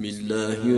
بسم الله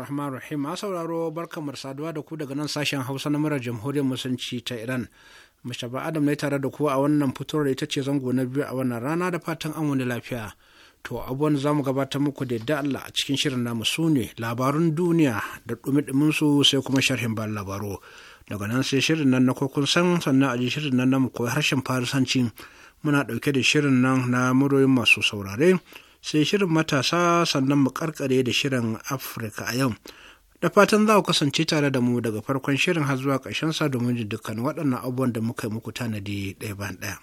rahman rahim a sauraro barkamar saduwa da ku daga nan sashen hausa na murar jamhuriyar musulunci ta iran mashaba adam ne tare da ku a wannan fitowar ita ce zango na biyu a wannan rana da fatan an wani lafiya to abubuwan za mu gabatar muku da yadda allah a cikin shirin namu su ne labarun duniya da dumi su sai kuma sharhin ba labaru daga nan sai shirin nan na kokun san sannan a ji shirin nan na mu koyi harshen farisanci muna ɗauke da shirin nan na muryoyin masu saurare sai shirin matasa sannan mu karkare da shirin afirka a yau da fatan za ku kasance tare da mu daga farkon shirin har zuwa ƙarshen sa domin jin dukkan waɗannan abubuwan da muka yi muku tanadi ɗaya bayan ɗaya.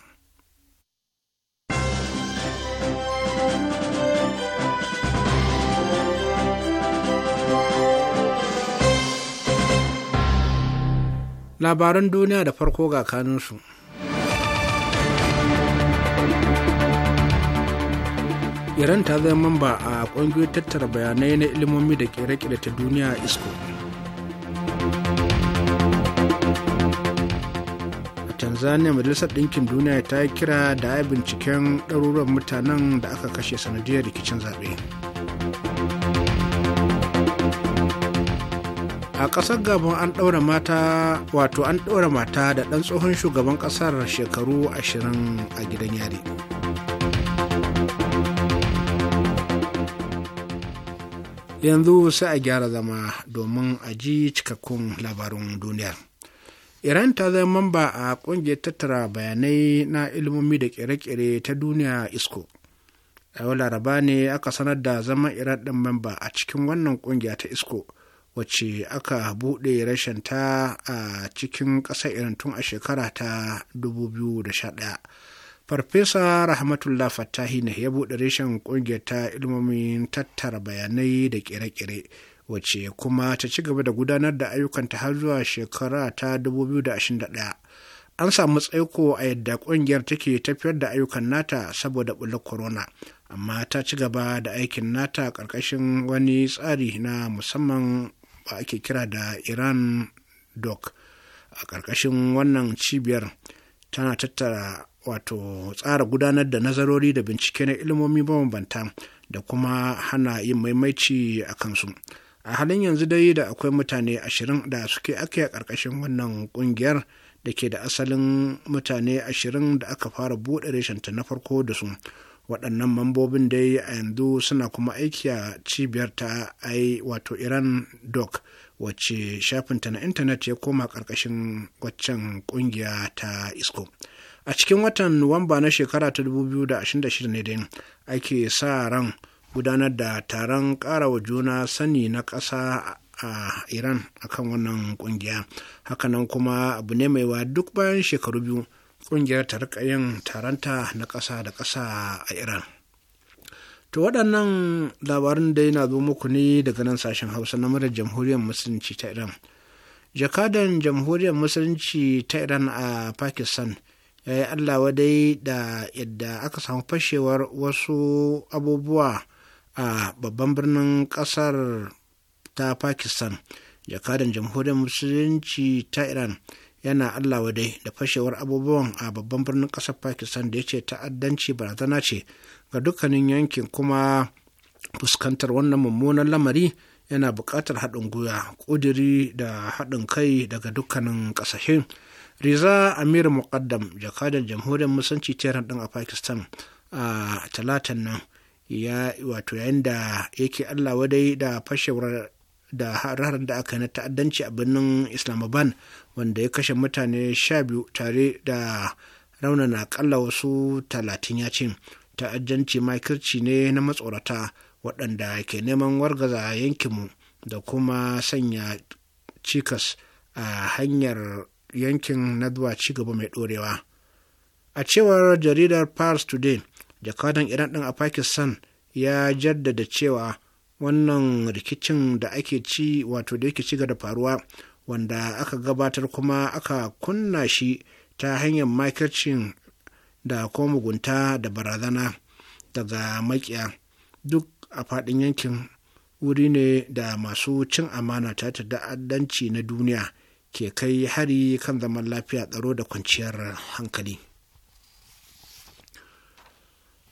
Labaran duniya da farko ga kanunsu. iran ta zama mamba a ƙungiyoyin tattara bayanai na ilimomi da ke kere ta duniya isko a tanzania majalisar ɗinkin duniya ta yi kira da binciken ɗaruruwan mutanen da aka kashe sanadiyar rikicin zaɓe a ƙasar gabon an ɗaura mata wato an ɗaura mata da ɗan tsohon shugaban ƙasar shekaru ashirin a gidan yari yanzu sai a gyara zama domin a ji cikakkun labarun duniya iran ta zama mamba a kungiyar tattara bayanai na ilimomi da kere-kere ta duniya isco a yau laraba ne aka sanar da zama iran ɗin mamba a cikin wannan kungiya ta isko wacce aka buɗe rashinta a cikin ƙasar iran tun a shekara ta 2011 farfesa rahmatullah Fattahina, ne ya buɗe reshen ƙungiyar ta ilmomin tattara bayanai da ƙere-ƙere wacce kuma ta ci gaba da gudanar da ayyukanta har zuwa shekara ta 2021 an samu tsaiko a yadda ƙungiyar take tafiyar da ayyukan nata saboda ɓullar corona amma ta ci gaba da aikin nata ƙarƙashin wani tsari na musamman ba ake kira da iran doc a ƙarƙashin wannan cibiyar tana tattara wato tsara gudanar da nazarori da bincike na ilimomi mabambanta da kuma hana yin maimaici a kansu a halin yanzu dai da akwai mutane ashirin da suke ake a ƙarƙashin wannan ƙungiyar da ke da asalin mutane ashirin da aka fara buɗe reshenta na farko da su waɗannan mambobin dai a yanzu suna kuma aiki a cibiyar ta ai wato iran doc wacce shafinta na intanet ya koma ƙarƙashin waccan ƙungiya ta isco a cikin watan nuwamba na shekara ta 2026 ne dai ake sa ran gudanar da taron ƙarawa juna sani na ƙasa a iran akan wannan kungiya hakanan kuma abu ne mai wa duk bayan shekaru biyu kungiyar ta rika yin taronta na ƙasa da ƙasa a iran to waɗannan labarin da na zo muku ne daga nan sashen hausa na murar jamhuriyar musulunci ta iran jakadan jamhuriyar musulunci ta iran a pakistan Eh, allah wadai da yadda aka samu fashewar wasu abubuwa a babban birnin kasar ta pakistan jakadan jamhuriyar musulunci ta iran yana allah wadai da fashewar abubuwan a babban birnin kasar pakistan da ya ce ta'addanci barazana ce ga dukkanin yankin kuma fuskantar wannan mummunan lamari yana buƙatar haɗin gwiwa ƙudiri da haɗin kai daga dukkanin ƙasashen. riza amir muqaddam jakadar jamhuriyar musanci tehran din a pakistan a talatan nan ya wato yayin da yake allah wadai da fashewar da harar da aka na ta'addanci a birnin islamabad wanda ya kashe mutane sha biyu tare da raunana akalla wasu talatin ya ce ta'addanci makirci ne na matsorata waɗanda ke neman wargaza yankinmu da kuma sanya cikas a hanyar yankin na zuwa ci gaba mai ɗorewa. A cewar jaridar Pars Today, jakadan Iran ɗin a Pakistan ya jaddada cewa wannan rikicin da ake ci wato da yake ci da faruwa wanda aka gabatar kuma aka kunna shi ta hanyar makircin da kuma mugunta da barazana daga makiya duk a faɗin yankin wuri ne da masu cin amana ta ta ta'addanci na duniya ke kai hari kan zaman lafiya tsaro da kwanciyar hankali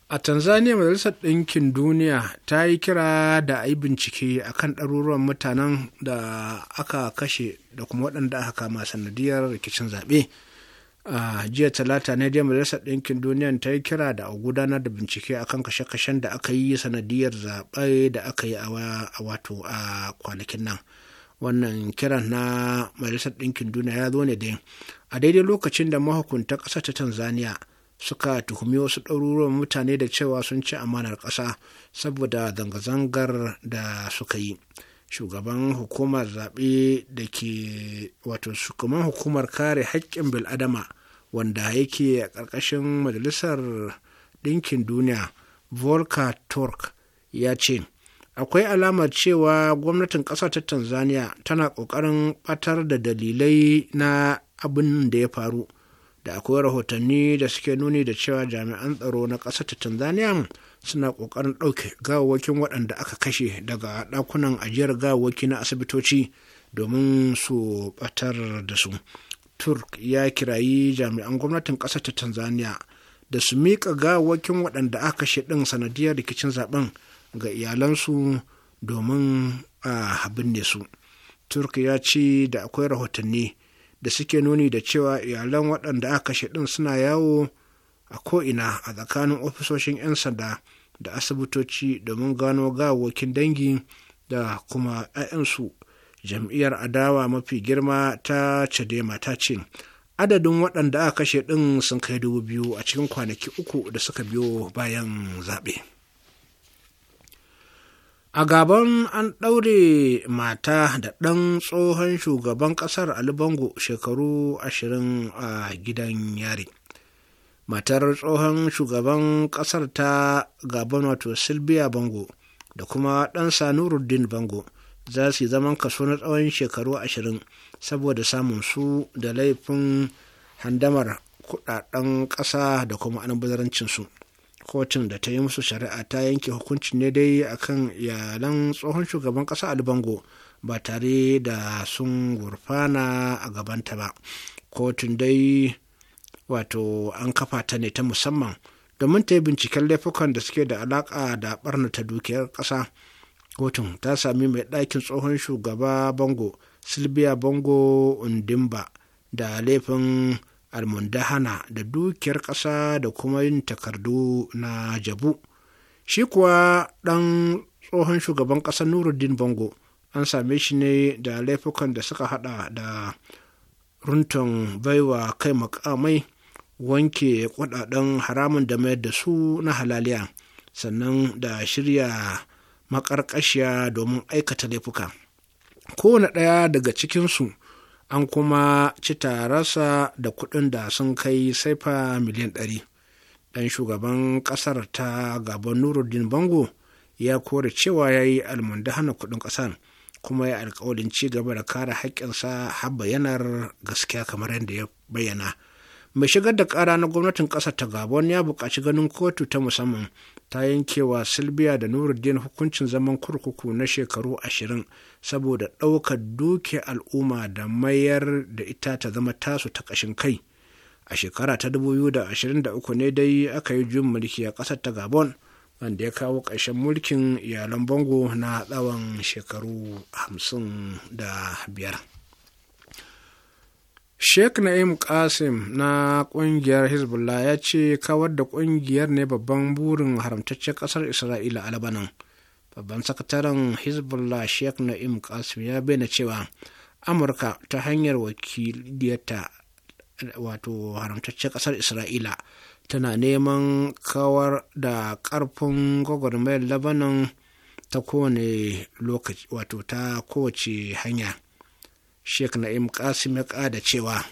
a tanzania majalisar ɗinkin duniya ta yi kira da a yi bincike a kan ɗaruruwan mutanen da aka kashe da kuma waɗanda aka kama sanadiyar rikicin zaɓe a jiya talata ne dai majalisar ɗinkin duniya ta yi kira da a gudanar da bincike a kan kashe-kashen da aka yi sanadiyar zaɓe da aka yi a wato a kwanakin nan wannan kiran na majalisar ɗinkin duniya ya zo ne dai a daidai lokacin da mahukunta ƙasa ta tanzania suka tuhumi wasu ɗaruruwan mutane da cewa sun ci amanar ƙasa saboda zanga-zangar da suka yi shugaban hukumar zaɓe da ke wato shugaban hukumar kare haƙƙin bil'adama wanda yake a ƙarƙashin majalisar ɗinkin duniya volker turk ya ce akwai alamar cewa gwamnatin ƙasa ta tanzania tana ƙoƙarin ɓatar da dalilai na abin da ya faru da akwai rahotanni da suke nuni da cewa jami'an tsaro na ƙasa ta tanzania suna ƙoƙarin ɗauke gawawakin waɗanda aka kashe daga ɗakunan ajiyar gawawaki na asibitoci domin su ɓatar da su turk ya kirayi jami'an gwamnatin ƙasa ta tanzania da su miƙa gawawakin waɗanda aka kashe ɗin sanadiyar rikicin zaben ga iyalansu domin a binne su turk ya ce da akwai rahotanni da suke nuni da cewa iyalan waɗanda aka kashe ɗin suna yawo a ko'ina a tsakanin ofisoshin 'yan sanda da asibitoci domin gano gawakin dangi da kuma 'ya'yansu jam'iyyar adawa mafi girma ta chadema ta ce adadin waɗanda aka kashe ɗin sun kai dubu biyu a cikin kwanaki uku da suka biyo bayan zaɓe. a gaban an ɗaure mata da ɗan tsohon shugaban ƙasar ali bango shekaru ashirin a gidan yari matar tsohon shugaban ƙasar ta gaban wato silbiya bango da kuma ɗan Sanuruddin bango za su yi zaman kaso na tsawon shekaru ashirin saboda samun su da laifin handamar kudaden ƙasa da kuma almubazarancin su kotun da ta yi musu shari'a ta yanke hukunci ne dai akan iyalan tsohon shugaban ƙasa albango ba tare da sun gurfana a gabanta ba kotun dai wato an kafa ta ne ta musamman domin ta yi binciken laifukan da suke da alaƙa da ɓarnata dukiyar ƙasa kotun ta sami mai ɗakin tsohon shugaba bango Silvia bango undimba da laifin almundahana da dukiyar ƙasa da kuma yin takardu na jabu shi kuwa ɗan tsohon shugaban ƙasar nuruddin bango an same shi ne da laifukan da suka hada da runtun baiwa kai makamai wanke kudaden haramun da mayar da su na halaliya sannan da shirya makarkashiya domin aikata laifuka kowane ɗaya daga cikinsu an kuma ci tararsa da kuɗin da sun kai saifa miliyan ɗari ɗan shugaban ƙasar ta gaban nuruddin bango ya kore cewa ya yi hana kuɗin ƙasar kuma ya alkawalin ci gaba da kare haƙƙinsa har bayanar gaskiya kamar yadda ya bayyana mai shigar da ƙara na gwamnatin ƙasar ta gabon ya buƙaci ganin kotu ta musamman ta yankewa silbiya da nuruddin hukuncin zaman kurkuku na shekaru ashirin saboda ɗaukar duke al'umma da mayar da ita ta zama tasu ta ƙashin kai a shekara ta 2023 ne dai aka yi jin mulki a ƙasar ta gabon wanda ya kawo ƙarshen mulkin iyalan bango na tsawon shekaru 55 sheikh na'im qasim na kungiyar hezbollah ya ce kawar da kungiyar ne babban burin haramtaccen ƙasar isra'ila a labanan babban sakataren hezbollah sheikh na'im qasim ya bayyana cewa amurka ta hanyar wakiliyarta wato haramtaccen ƙasar isra'ila tana neman kawar da karfin gwagwarmayar labanan ta ta kowace hanya sheikh na'im Qasim ya ƙada cewa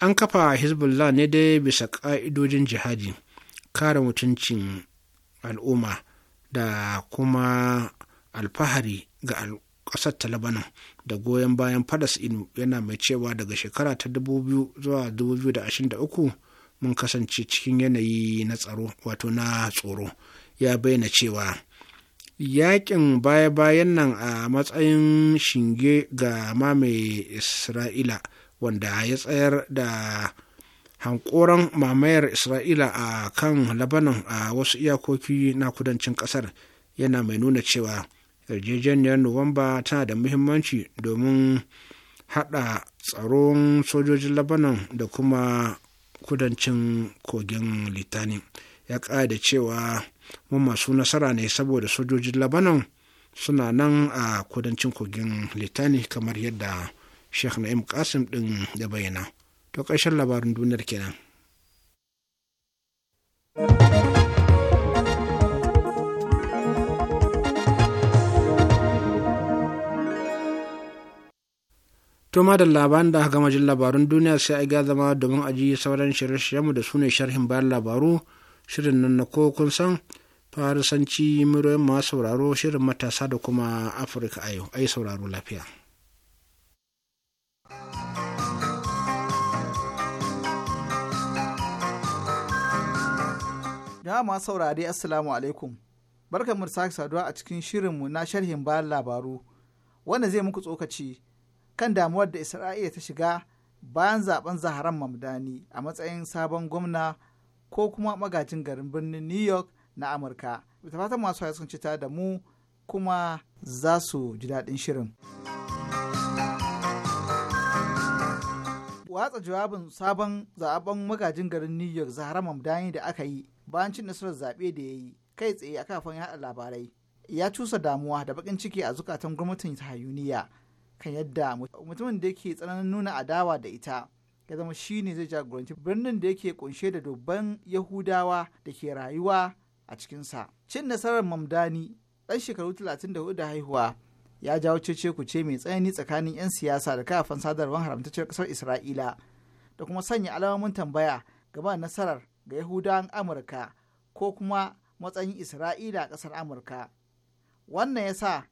an kafa hezbollah ne dai bisa ƙa'idojin jihadi kare mutuncin al'umma da kuma alfahari ga ƙasar ta da goyon bayan inu yana mai cewa daga shekara ta 2000 zuwa 2023 mun kasance cikin yanayi na tsaro wato na tsoro ya bayyana cewa yakin baya-bayan nan a matsayin shinge ga mamaye isra'ila wanda ya tsayar da hankoran mamayar isra'ila a kan labanan a wasu iyakoki na kudancin kasar yana mai nuna cewa yarjejeniyar nuwamba tana da muhimmanci domin haɗa tsaron sojojin labanan da kuma kudancin kogin litani ya ƙada cewa mun masu nasara ne saboda sojojin labanon suna nan a kudancin kogin litani kamar yadda sheikh na'im kasim din ya bayyana to ƙarshen labarin duniyar kenan to ma da labarin da aka gama jin labarun duniya sai a ga zama domin aji sauran shirye-shiryenmu da su ne sharhin bayan labaru shirin nan na ko kun san farisanci muryoyin masu sauraro shirin matasa da kuma afirka a yau ai sauraro lafiya jama'a masu assalamu alaikum barkan mu sake saduwa a cikin shirin mu na sharhin bayan labaru wanda zai muku tsokaci kan damuwar da isra'ila ta shiga bayan zaben zaharan mamdani a matsayin sabon gwamna ko kuma magajin garin birnin New York na Amurka. Da fatan masu haya sun cita da mu kuma za su ji daɗin shirin. Watsa jawabin sabon zaben magajin garin New York Zahra Mamdani da aka yi bayan cin nasarar zaɓe da ya yi kai tsaye a kafin yaɗa labarai ya cusa damuwa da bakin ciki a zukatan gwamnatin ta hayuniya kan yadda mutumin da ke tsananin nuna adawa da ita ya zama shi ne zai jagoranci birnin da yake kunshe da dubban yahudawa da ke rayuwa a cikinsa cin nasarar mamdani ɗan shekaru 34 da haihuwa ya jawo cece ce mai tsanani tsakanin 'yan siyasa da kafan sadarwar haramtacciyar ƙasar isra'ila da kuma sanya alamomin tambaya gaba da nasarar ga yahudawan amurka ko kuma matsayin isra'ila a ƙasar amurka wannan ya sa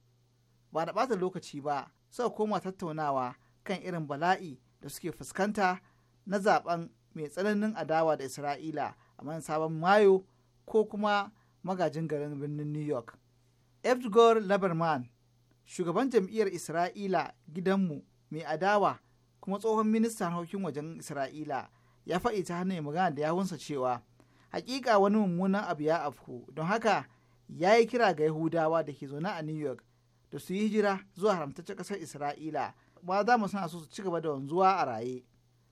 ba da ɓata lokaci ba suka koma tattaunawa kan irin bala'i da suke fuskanta na zaben mai tsananin adawa da isra'ila a sabon mayo ko kuma magajin garin birnin new york edgar laberman shugaban jam'iyyar isra'ila gidanmu mai adawa kuma tsohon ministan harkokin wajen isra'ila ya faɗi ta hannun magana da yawunsa cewa hakika wani mummunan abu ya afku don haka ya yi kira ga yahudawa da ke zaune a new york da su yi hijira zuwa haramtaccen ƙasar isra'ila ba za mu suna so su ci gaba da wanzuwa a raye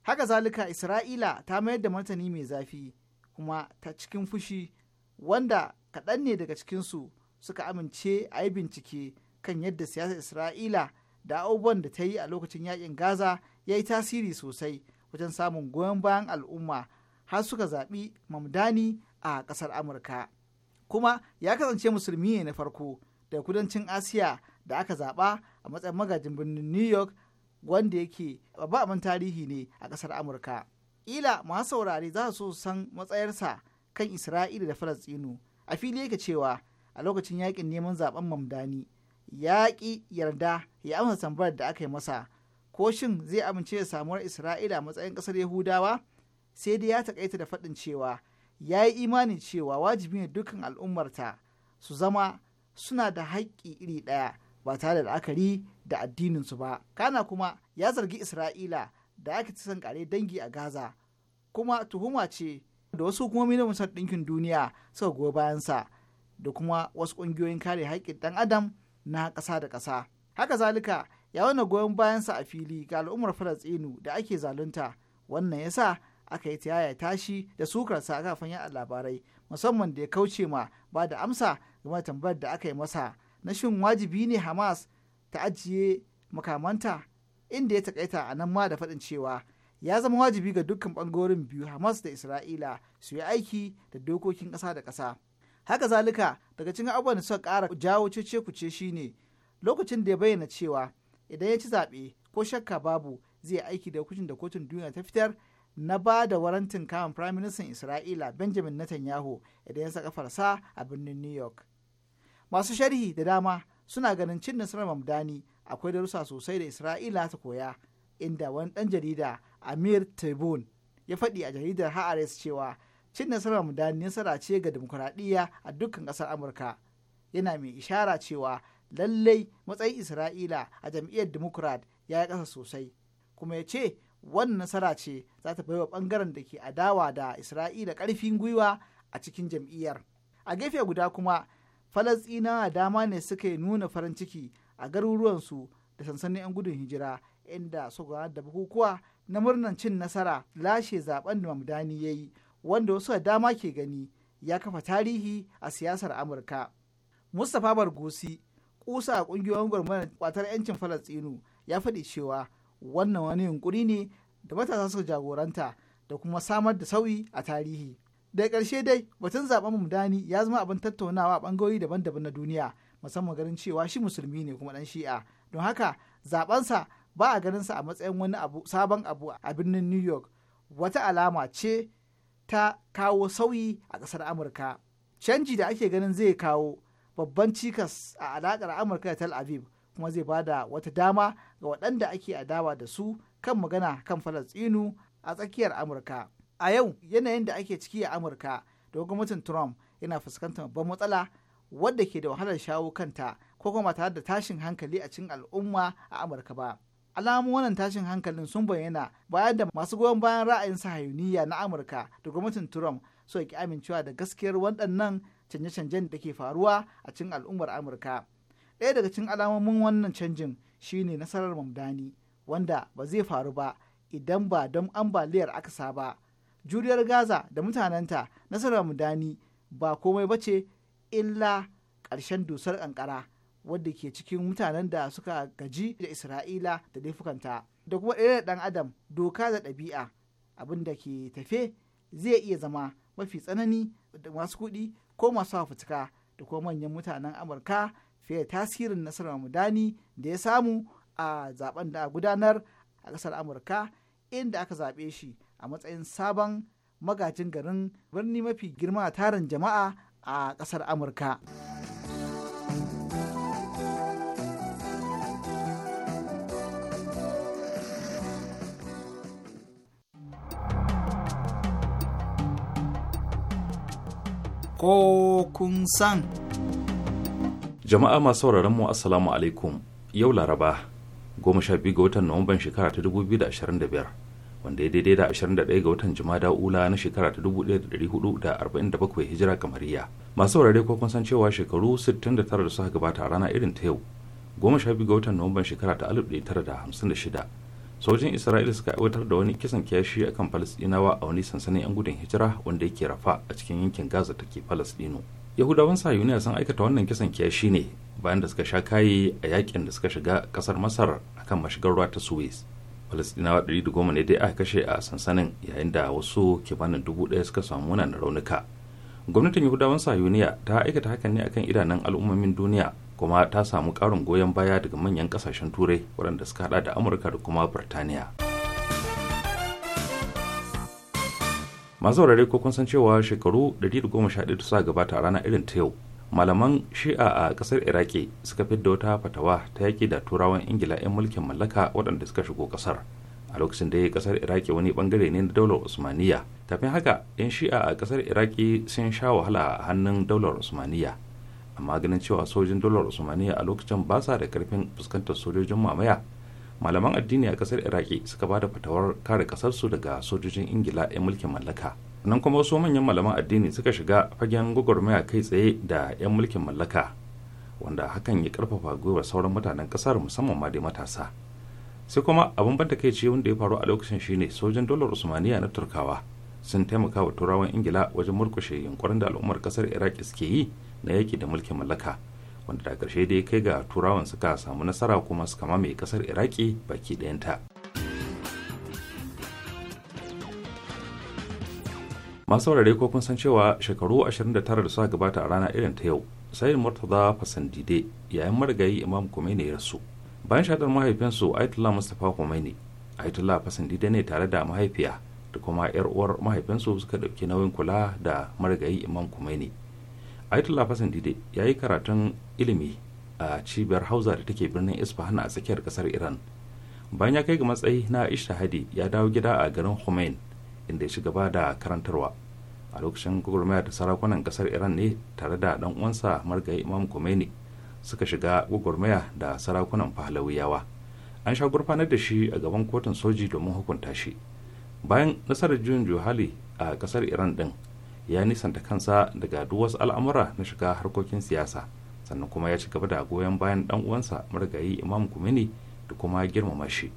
haka zalika isra'ila ta mayar da martani mai zafi kuma ta cikin fushi wanda kaɗan ne daga cikinsu suka amince a yi bincike kan yadda siyasar isra'ila da abubuwan da ta yi a lokacin yakin gaza ya yi tasiri sosai wajen samun goyon bayan al'umma har suka zaɓi mamdani a ƙasar amurka kuma ya kasance musulmi ne na farko da kudancin asiya da aka zaɓa a matsayin magajin birnin new york wanda yake babban tarihi ne a ƙasar amurka ila masu saurare za su san matsayarsa kan isra'ila da falastinu a fili yake cewa a lokacin yakin neman zaben mamdani yaƙi yarda ya amsa tambayar da aka yi masa ko shin zai amince da samuwar isra'ila matsayin ƙasar yahudawa sai dai ya taƙaita da faɗin cewa ya yi imanin cewa wajibi ne dukkan al'ummarta su zama suna da haƙƙi iri ɗaya ba tare da la'akari da addininsu ba kana kuma ya zargi isra'ila da ake san kare dangi a gaza kuma tuhuma ce da wasu hukumomi na musar ɗinkin duniya suka goyi bayansa da kuma wasu ƙungiyoyin kare haƙƙin ɗan adam na ƙasa da ƙasa haka zalika ya wani goyon bayansa a fili ga al'ummar falastinu da ake zalunta wannan yasa aka yi tiyaya tashi da sukarsa a kafin yaɗa labarai musamman da ya kauce ma ba da amsa game da tambayar da aka yi masa na shin wajibi ne hamas ta ajiye makamanta inda ya takaita a nan ma da faɗin cewa ya zama wajibi ga dukkan ɓangarorin biyu hamas da isra'ila su yi aiki da dokokin ƙasa da ƙasa haka zalika daga cikin abubuwan da suka ƙara jawo cece kuce shine lokacin da ya bayyana cewa idan ya ci zaɓe ko shakka babu zai aiki da hukuncin da kotun duniya ta fitar na ba da warantin kamun firaministan isra'ila benjamin netanyahu idan ya saka farsa a birnin new york masu sharhi da dama suna ganin cin nasarar mamdani akwai darussa sosai da isra'ila ta koya inda wani ɗan jarida amir tebun ya faɗi a jaridar Ha'aris cewa cin nasarar mamdani nasara ce ga demokuraɗiyya a dukkan ƙasar amurka yana mai ishara cewa lallai matsayin isra'ila a jam'iyyar dimokurat ya yi ƙasa sosai kuma ya ce wannan nasara ce za ta baiwa ɓangaren da ke adawa da isra'ila ƙarfin gwiwa a cikin jam'iyyar a gefe guda kuma falasɗinawa dama ne suka nuna farin ciki a garuruwansu da sansanin 'yan gudun hijira inda suka da bukukuwa na murnar cin nasara lashe zaben da mamdani ya yi wanda wasu da dama ke gani ya kafa tarihi a siyasar amurka mustapha bargusi kusa a kungiyoyin gwamnati kwatar 'yancin falasɗinu ya faɗi cewa wannan wani yunkuri ne da matasa suka jagoranta da kuma samar da sauyi a tarihi daga ƙarshe dai batun zaben mudani ya zama abin tattaunawa a ɓangarori daban-daban na duniya musamman ganin cewa shi musulmi ne kuma dan shi'a don haka zabensa ba a ganinsa a matsayin wani abu sabon abu a birnin new york wata alama ce ta kawo sauyi a ƙasar amurka canji da ake ganin zai kawo babban cikas a alaƙar amurka da tel aviv kuma zai ba da wata dama ga waɗanda ake adawa da su kan magana kan falastinu a tsakiyar amurka a yau yanayin da ake ciki a amurka da gwamnatin trump yana fuskantar babban matsala wadda ke da wahalar shawo kanta ko kuma tare da tashin hankali a cikin al'umma a amurka ba alamun wannan tashin hankalin sun bayyana bayan da masu goyon bayan ra'ayin sahayuniya na amurka da gwamnatin trump suka ki amincewa da gaskiyar waɗannan canje-canjen da ke faruwa a cikin al'ummar amurka ɗaya daga cikin alamomin wannan canjin shine nasarar mamdani wanda ba zai faru ba idan ba don ambaliyar akasa ba juriyar gaza da mutanenta nasarar mudani ba komai bace illa ƙarshen dusar ƙanƙara wadda ke cikin mutanen da suka gaji da isra'ila da laifukanta da kuma ɗaya ɗan adam doka da ɗabi'a abin da ke tafe zai iya zama mafi tsanani da masu kuɗi ko masu hafutuka da kuma manyan mutanen amurka fiye da tasirin nasarar mudani da ya samu a zaben da gudanar a ƙasar amurka inda aka zaɓe shi a matsayin sabon magajin garin birni mafi girma a tarin jama'a a ƙasar amurka ko kun san jama'a masu sauraron mu assalamu alaikum yau laraba 12 ga watan nuwamban shekara ta 2025 wanda ya daidai da 21 ga watan jumada ula na shekara ta 1447 hijira kamariya masu wurare ko kun san cewa shekaru 69 da suka gabata a rana irin ta yau goma biyu ga watan nuwamban shekara ta 1956 sojin isra'ila suka aiwatar da wani kisan kiyashi akan falasdinawa a wani sansanin yan gudun hijira wanda yake rafa a cikin yankin gaza ta ke falasdino yahudawan sayuniya sun aikata wannan kisan kiyashi ne bayan da suka sha kaye a yakin da suka shiga kasar masar akan mashigar ruwa ta suez falastinawa 110 ne dai aka kashe a sansanin yayin da wasu kimanin dubu ɗaya suka samu munanan raunuka gwamnatin yahudawan sayuniya ta aikata hakan ne akan idanun al'ummomin duniya kuma ta samu ƙarin goyon baya daga manyan ƙasashen turai waɗanda suka haɗa da amurka da kuma birtaniya masu ko kun san cewa shekaru 111 da suka gabata a ranar irin ta yau malaman shi'a a kasar iraki suka fidda wata fatawa ta yaki da turawan ingila 'yan mulkin mallaka waɗanda suka shigo kasar a lokacin da ya kasar iraki wani bangare ne na daular usmaniya tafin haka 'yan shi'a a kasar iraki sun sha wahala a hannun daular usmaniya amma ganin cewa sojin daular usmaniya a lokacin ba sa da karfin fuskantar sojojin mamaya malaman addini a kasar iraki suka ba da fatawar kare kasarsu daga sojojin ingila 'yan mulkin mallaka nan kuma wasu manyan malaman addini suka shiga fagen gwagwarmaya kai tsaye da 'yan mulkin mallaka wanda hakan ya karfafa gwiwar sauran mutanen kasar musamman ma dai matasa sai kuma abin ban takaici wanda ya faru a lokacin shine sojin dolar usmaniya na turkawa sun taimaka wa turawan ingila wajen murkushe yunkurin da al'ummar kasar iraki suke yi na yaki da mulkin mallaka wanda da karshe dai kai ga turawan suka samu nasara kuma suka mamaye kasar iraki baki ɗayanta. masu saurare ko kun san cewa shekaru 29 da suka gabata a rana irin ta yau sayyid murtaza fasandide yayin marigayi imam khomeini ya rasu bayan shaɗar mahaifinsu ayatollah mustapha khomeini ayatollah fasandide ne tare da mahaifiya da kuma yar uwar mahaifinsu suka ɗauki nauyin kula da marigayi imam khomeini ayatollah fasandide ya yi karatun ilimi a cibiyar hausa da take birnin isfahan a tsakiyar kasar iran bayan ya kai ga matsayi na ishtahadi ya dawo gida a garin khomeini inda ya ci gaba da karantarwa a lokacin gwagwarmaya da sarakunan kasar iran ne tare da dan uwansa margayi imam khomeini suka shiga gwagwarmaya da sarakunan pahlawiyawa an sha gurfanar da shi a gaban kotun soji domin hukunta shi bayan nasarar juyin juhali a kasar iran din ya nisanta kansa daga duk wasu al'amura na shiga harkokin siyasa sannan kuma ya ci gaba da goyon bayan dan uwansa margayi imam khomeini da kuma girmama shi.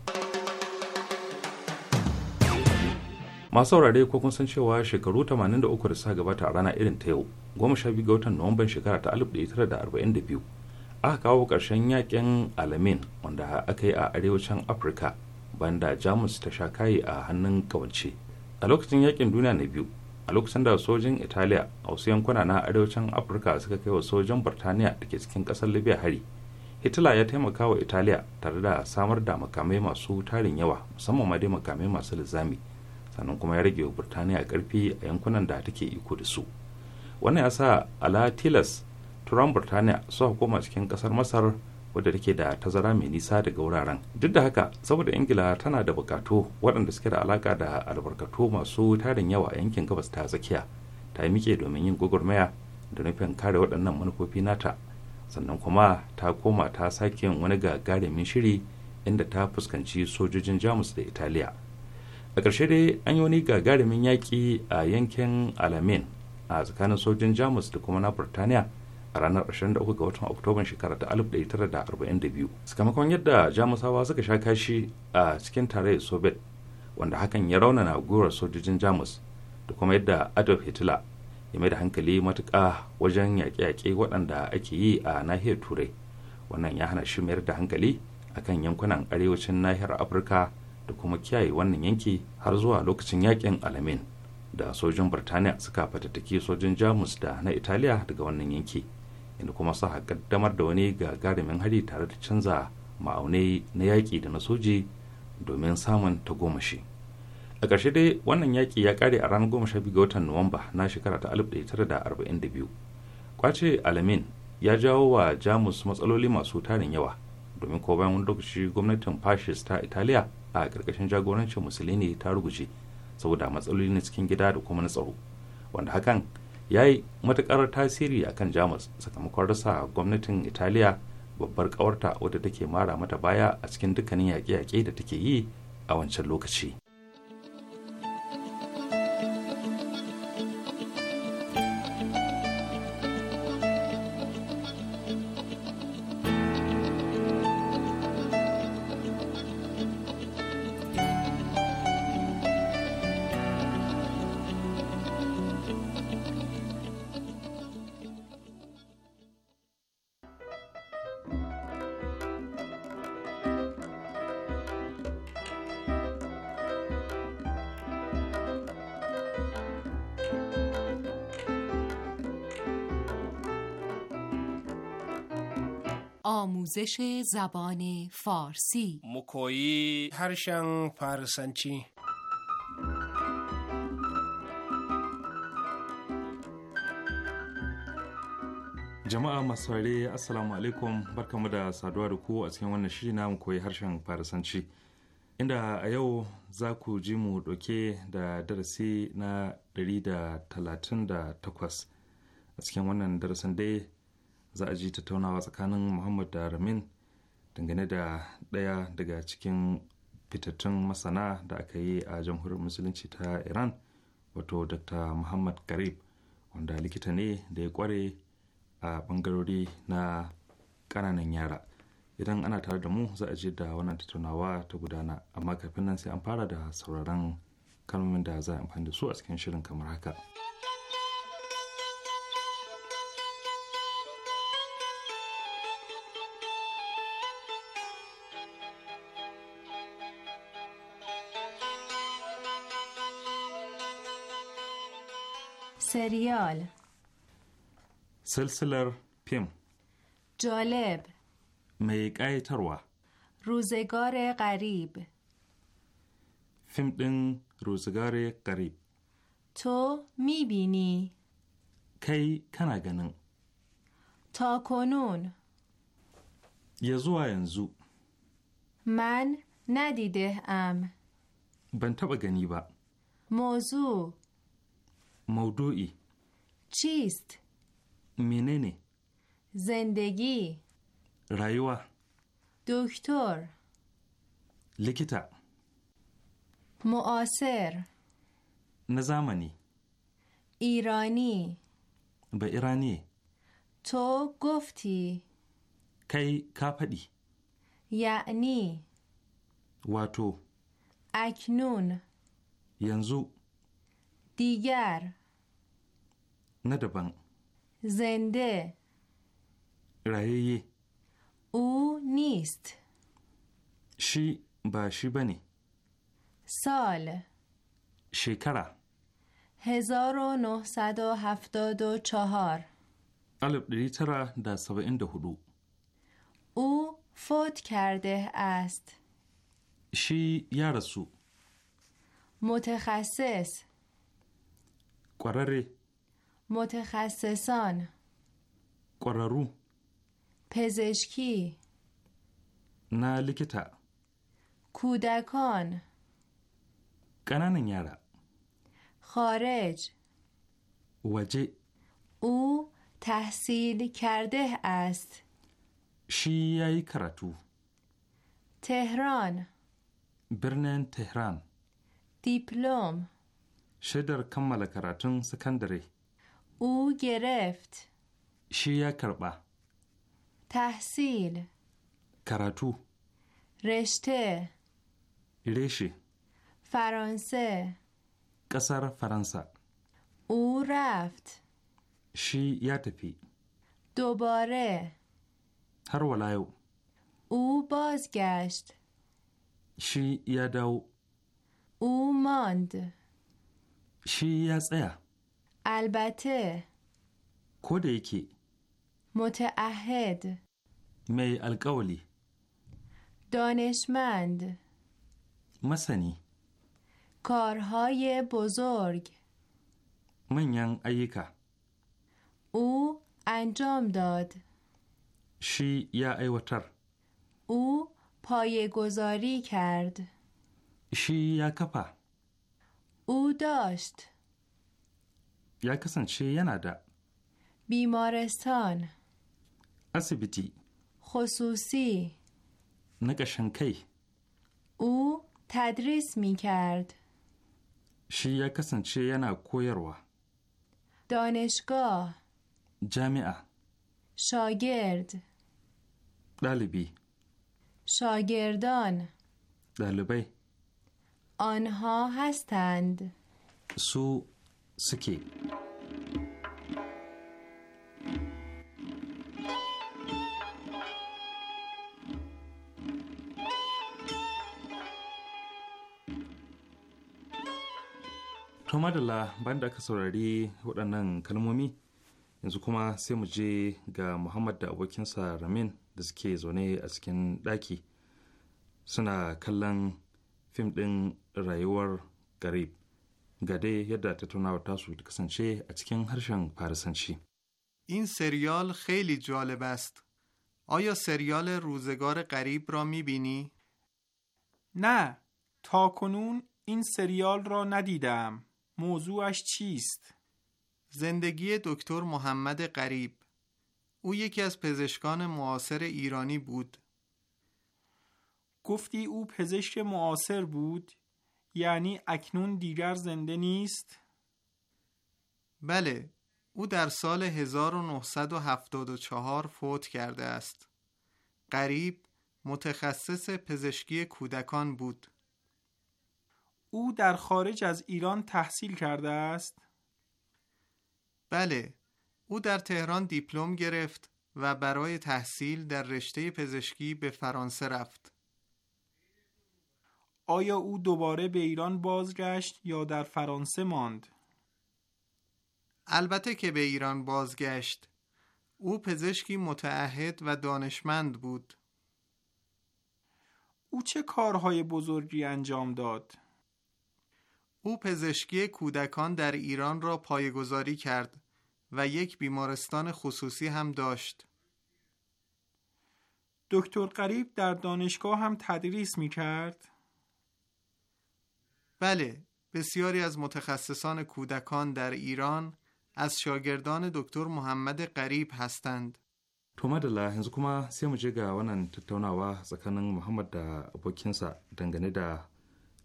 masu saurare ko kun san cewa shekaru 83 da suka gabata a rana irin ta yau goma sha biyu ga watan nuwamban shekara ta 1942 aka kawo ƙarshen yakin alamin wanda aka yi a arewacin afirka banda jamus ta sha kayi a hannun kawance a lokacin yakin duniya na biyu a lokacin da sojin italiya a wasu yankuna na arewacin afirka suka kai wa sojin birtaniya da ke cikin ƙasar libya hari hitler ya taimaka wa italiya tare da samar da makamai masu tarin yawa musamman ma dai makamai masu lizami sannan kuma ya rage wa burtaniya karfi a yankunan da take iko da su wannan ya sa ala tilas turan burtaniya su hukuma cikin kasar masar wadda take da tazara mai nisa daga wuraren duk da haka saboda ingila tana da bukatu waɗanda suke da alaka da albarkatu masu tarin yawa a yankin gabas ta tsakiya ta yi mike domin yin gwagwarmaya da nufin kare waɗannan manufofi nata sannan kuma ta koma ta sake wani gagarumin shiri inda ta fuskanci sojojin jamus da italiya a ƙarshe dai an yi wani gagarumin yaƙi a yankin alamin a tsakanin sojin jamus da kuma na burtaniya a ranar 23 ga watan oktoban shekarar ta 1942 sakamakon yadda jamusawa suka sha kashi a cikin tarayyar soviet wanda hakan ya rauna na gurar sojojin jamus da kuma yadda adolf hitler ya mai da hankali matuƙa wajen yaƙe-yaƙe waɗanda ake yi a nahiyar turai wannan ya hana shi mayar da hankali akan yankunan arewacin nahiyar afirka da kuma kiyaye wannan yanki har zuwa lokacin yakin alamin da sojin birtaniya suka fatattaki sojin jamus da na italiya daga wannan yanki inda kuma sa kaddamar da wani gagarumin hari tare da canza ma'aunai na yaki da na soji domin samun tagomashi a ƙarshe dai wannan yaƙi ya ƙare a ranar goma biyu ga watan nuwamba na shekara ta 1942 kwace alamin ya jawo wa jamus matsaloli masu tarin yawa domin ko bayan wani lokaci gwamnatin fashis ta italiya a ƙarƙashin jagorancin musulini ta ruguje saboda matsaloli na cikin gida da kuma na tsaro wanda hakan ya yi matuƙar tasiri a kan jamus sakamakon rasa gwamnatin italiya babbar ƙawarta wadda take mara mata baya a cikin dukkanin yaƙe-yaƙe da take yi a wancan lokaci آموزش زبان فارسی مکویی harshen فارسنچی jama'a masu saurare assalamu alaikum barkamu da saduwa da ku a cikin wannan shiri na mu koyi harshen farisanci inda a yau za ku ji mu ɗauke da darasi na 138 a cikin wannan darasin dai za a ji tattaunawa tsakanin muhammad da ramin dangane da ɗaya daga cikin fitattun masana da aka yi a jamhuriyar musulunci ta iran wato dr muhammad garib wanda likita ne da ya kware a bangarori na ƙananan yara idan ana tare da mu za a ji da wannan tattaunawa ta gudana amma kafin nan sai an fara da sauraron kalmomin da za a amfani da su a cikin shirin kamar haka. سریال سلسلر پیم جالب میگای تروه روزگار قریب فیلم دن روزگار قریب تو میبینی کی کنا گنن تا کنون یزو ینزو من ندیده ام بن تبا گنی با موضوع Maudu'i Chist Menene Zendegi Rayuwa Doktor Likita Mu'asir Na zamani Irani Ba Irani To gofti Kai ka faɗi Ya'ni Wato Aknun Yanzu دیگر ندبن زنده رایی او نیست شی با بنی سال شکره هزار و سد و هفتاد و چهار الب ریتره در سبعین هدو او فوت کرده است شی یارسو متخصص قراری متخصصان قرارو پزشکی نالیکتا کودکان کنن یارا خارج وجه او تحصیل کرده است شیعی کرتو تهران برنن تهران دیپلم shaidar kammala karatun sakandare. U gereft. Shi ya karɓa. Tahsil. Karatu. Reshte. Reshe. Faransa. Ƙasar Faransa. U raft. Shi ya tafi. Dobare. Har wala yau. U bazgasht. Shi ya dawo. U mond. شی یا البته کدیکی متعهد می دانشمند مسنی کارهای بزرگ منیان ایکا او انجام داد شی یا ایوتر او گزاری کرد شی یا کپا او داشت یا چه یه نده؟ بیمارستان اسیبیتی خصوصی نگشنکی او تدریس می کرد شی یا چه یه نه دانشگاه جامعه شاگرد دالبی شاگردان دالبی آنها هستند سو سکی To madalla bayan da aka saurari waɗannan kalmomi yanzu kuma sai mu je ga Muhammad da abokinsa Ramin da suke zaune a cikin ɗaki suna kallon fim rayuwar این سریال خیلی جالب است. آیا سریال روزگار قریب را می بینی؟ نه، تا کنون این سریال را ندیدم. موضوعش چیست؟ زندگی دکتر محمد قریب او یکی از پزشکان معاصر ایرانی بود گفتی او پزشک معاصر بود یعنی اکنون دیگر زنده نیست؟ بله او در سال 1974 فوت کرده است قریب متخصص پزشکی کودکان بود او در خارج از ایران تحصیل کرده است؟ بله او در تهران دیپلم گرفت و برای تحصیل در رشته پزشکی به فرانسه رفت آیا او دوباره به ایران بازگشت یا در فرانسه ماند؟ البته که به ایران بازگشت. او پزشکی متعهد و دانشمند بود. او چه کارهای بزرگی انجام داد؟ او پزشکی کودکان در ایران را پایگذاری کرد و یک بیمارستان خصوصی هم داشت. دکتر قریب در دانشگاه هم تدریس می کرد؟ بله بسیاری از متخصصان کودکان در ایران از شاگردان دکتر محمد قریب هستند To madalla yanzu kuma sai mu je ga wannan tattaunawa tsakanin Muhammad da abokinsa dangane da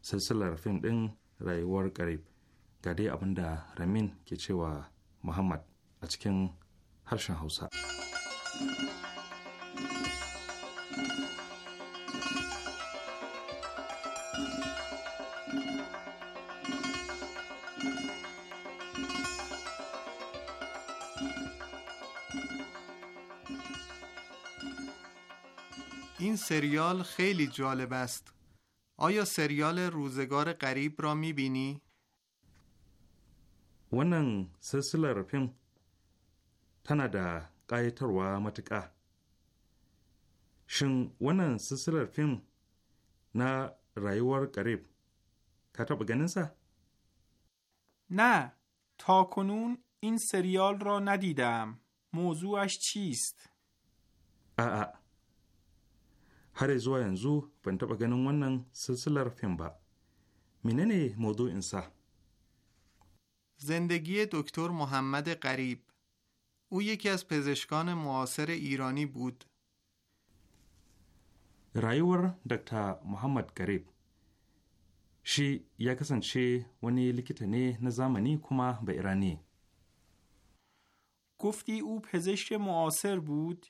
silsilar fim ɗin rayuwar karib ga dai abinda da Ramin ke cewa Muhammad a cikin harshen Hausa. این سریال خیلی جالب است. آیا سریال روزگار قریب را می بینی؟ ونن سلسلر رفیم تنا قایتر و متکا شن ونن سلسله رفیم نا rayuwar قریب کتاب گننسا؟ نه تا کنون این سریال را ندیدم موضوعش چیست؟ آه آه har zuwa yanzu ban taɓa ganin wannan silsilar fim ba. menene maudu'in sa? زندگی دکتر محمد قریب او یکی از پزشکان معاصر ایرانی بود. رایور دکتر محمد قریب شی یا کسانچه ونی لکتنه نزامنی کما به ایرانی گفتی او پزشک معاصر بود؟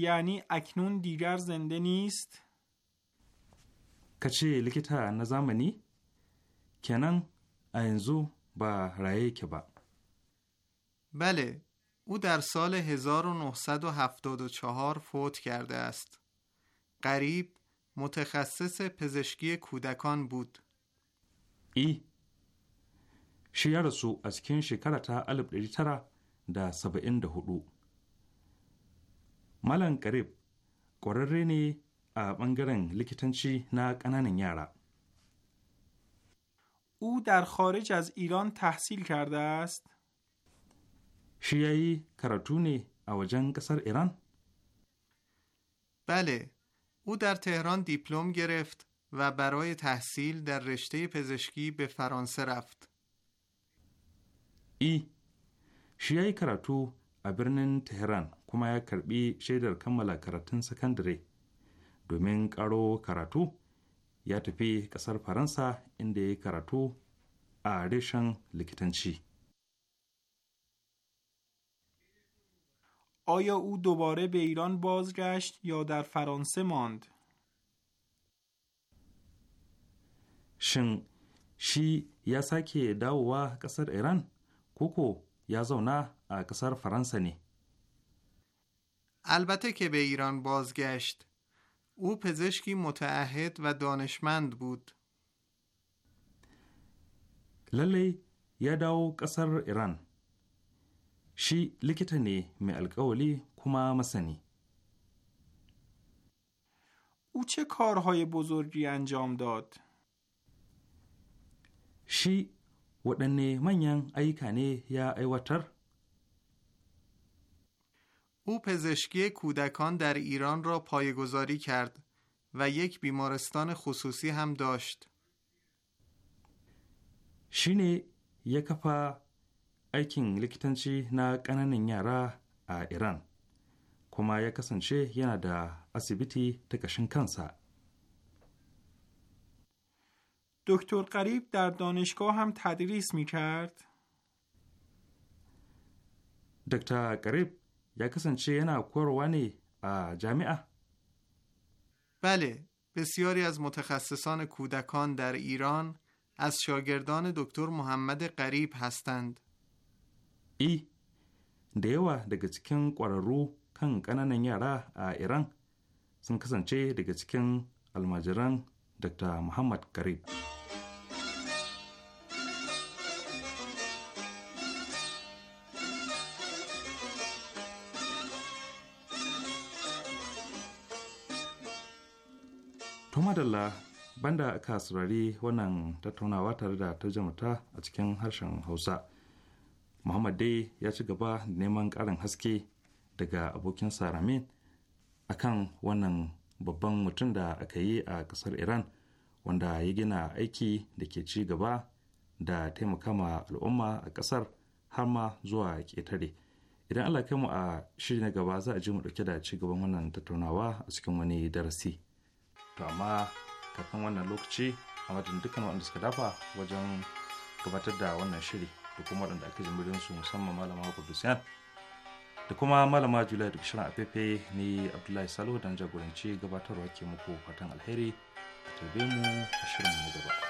یعنی اکنون دیگر زنده نیست؟ کچه لکتا نزامنی؟ کنن انزو با که با بله او در سال 1974 فوت کرده است قریب متخصص پزشکی کودکان بود ای شیارسو از کن شکرتا الب ترا در سبعین ده مل قریب ƙwararre ne a ɓangaren likitanci na ƙananan او در خارج از ایران تحصیل کرده است؟ شیعی کراتونی اوجن قصر ایران؟ بله او در تهران دیپلم گرفت و برای تحصیل در رشته پزشکی به فرانسه رفت. ای شیعی کراتو a birnin Tehran kuma ya karbi shaidar kammala karatun sakandare. Domin karo karatu, ya tafi ƙasar Faransa inda ya yi karatu a reshen likitanci. آیا او دوباره به ایران بازگشت یا در فرانسه ماند؟ شن شی یا ساکه داووا قصر ایران کوکو یا زونا کسر فرانسه البته که به ایران بازگشت. او پزشکی متعهد و دانشمند بود. للی یاداو داو قصر ایران. شی لکتنی نی می القولی کما مسنی. او چه کارهای بزرگی انجام داد؟ شی ودنی منیان ایکانی یا ایواتر؟ او پزشکی کودکان در ایران را پایگذاری کرد و یک بیمارستان خصوصی هم داشت. شینه یک فا؟ aikin likitanci na ƙananan yara a Iran, kuma ya kasance yana da asibiti ta ƙashin kansa. دکتر قریب در دانشگاه هم تدریس می کرد؟ دکتر قریب kasance yana ینا ne a jami'a? Bale بسیاری از متخصصان کودکان در ایران از شاگردان دکتر محمد قریب هستند ای da yawa daga cikin ƙwararru kan ƙananan yara a Iran sun kasance daga cikin almajiran Dr. Muhammad Garib. To madalla banda aka saurari wannan tattaunawa tare da tarjamata a cikin harshen Hausa. Muhammad dai ya ci gaba da neman karin haske daga abokin Ramin akan wannan babban mutum da aka yi a ƙasar Iran wanda ya gina aiki da ke ci gaba da taimaka ma al'umma a ƙasar har ma zuwa ketare Idan Allah kai mu a shiri na gaba za a ji mu ɗauke da ci gaban wannan tattaunawa a cikin wani darasi. to amma kafin wannan lokaci a madadin dukkan waɗanda suka dafa wajen gabatar da wannan shiri da kuma waɗanda aka jimirin su musamman malama kudusiyan da kuma malama julai duk shirin afefe ne abdullahi salo don jagoranci gabatarwa ke muku fatan alheri a tarbe mu a shirin mu gaba.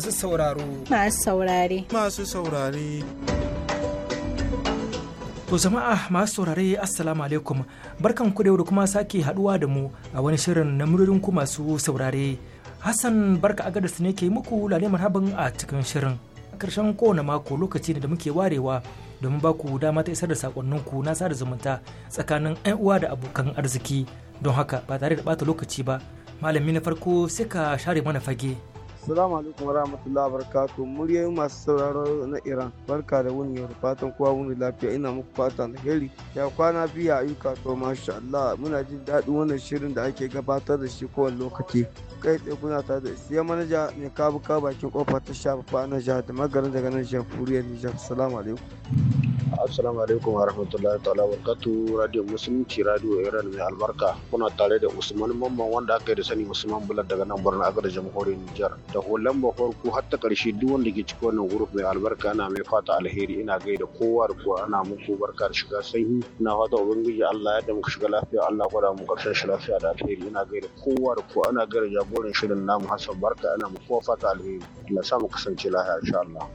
Masu sauraro. Masu saurare. Masu saurare. To jama'a masu saurare assalamu alaikum barkan ku da kuma sake haduwa da mu a wani shirin na muririn ku masu saurare. Hassan barka a su ne ke muku lale marhaban a cikin shirin. A kowane mako lokaci ne da muke warewa domin ba ku dama ta isar da sakonninku na sada zumunta tsakanin 'yan uwa da abokan arziki. Don haka ba tare da bata lokaci ba, malami na farko sai ka share mana fage. Assalamu alaikum wa rahmatullahi wa barakatuh. Muryoyin masu sauraro na Iran. Barka da wuni yau fatan kowa wuni lafiya ina muku fata alheri. Ya kwana biya ayyuka to masha Allah muna jin daɗin wannan shirin da ake gabatar da shi kowane lokaci. Kai tsaye kuna ta da siya manaja ne kabu bakin kofa ta shafa na jihar da magarin daga nan jamhuriyar Nijar. Assalamu alaikum. assalamu alaikum wa rahmatullahi ta'ala barkatu radio musulunci radio iran mai albarka kuna tare da usman mamman wanda aka yi da sani usman bulat daga nan birnin agar jamhuriyar nijar da holan farko har ta karshe duk wanda ke cikin wannan grup mai albarka ana mai fata alheri ina gaida kowa da kowa ana muku barka da shiga sanyi ina fata ubangiji allah ya da muka shiga lafiya allah kwada mu karshen shi lafiya da alheri ina gaida kowa da kowa ana gaida jagoran shirin namu hassan barka ana muku fata alheri allah sa mu kasance lafiya insha allah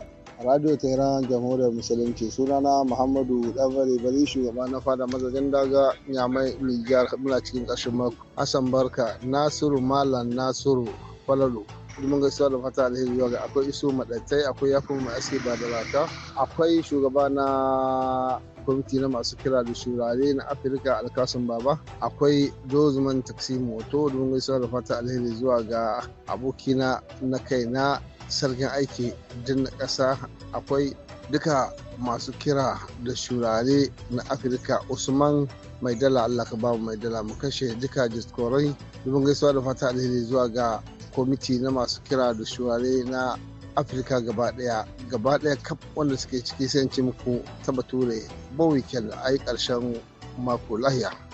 radio tehran jamhuriyar musulunci sunana muhammadu ɗanfari bari shugaba na fada mazajen daga nyamai nijar muna cikin ƙarshen mako hassan barka nasiru malam nasiru falalu domin gaisuwa da fata alheri zuwa ga akwai iso maɗaitai akwai ya mai aske ba da raka akwai shugaba na kwamiti na masu kira da shurare na afirka alkasun baba akwai dozman taksi moto domin gaisuwa da fata alheri zuwa ga abokina na kaina sarkin aiki din na ƙasa akwai duka masu kira da shurare na afirka usman mai dala allah ka bamu mai dala mu kashe duka jiskorai dubin gaisuwa da fata alheri zuwa ga kwamiti na masu kira da shurare na afirka gaba daya gaba daya kaf wanda suke ciki sai muku ta bature bawai a yi karshen mako lahiya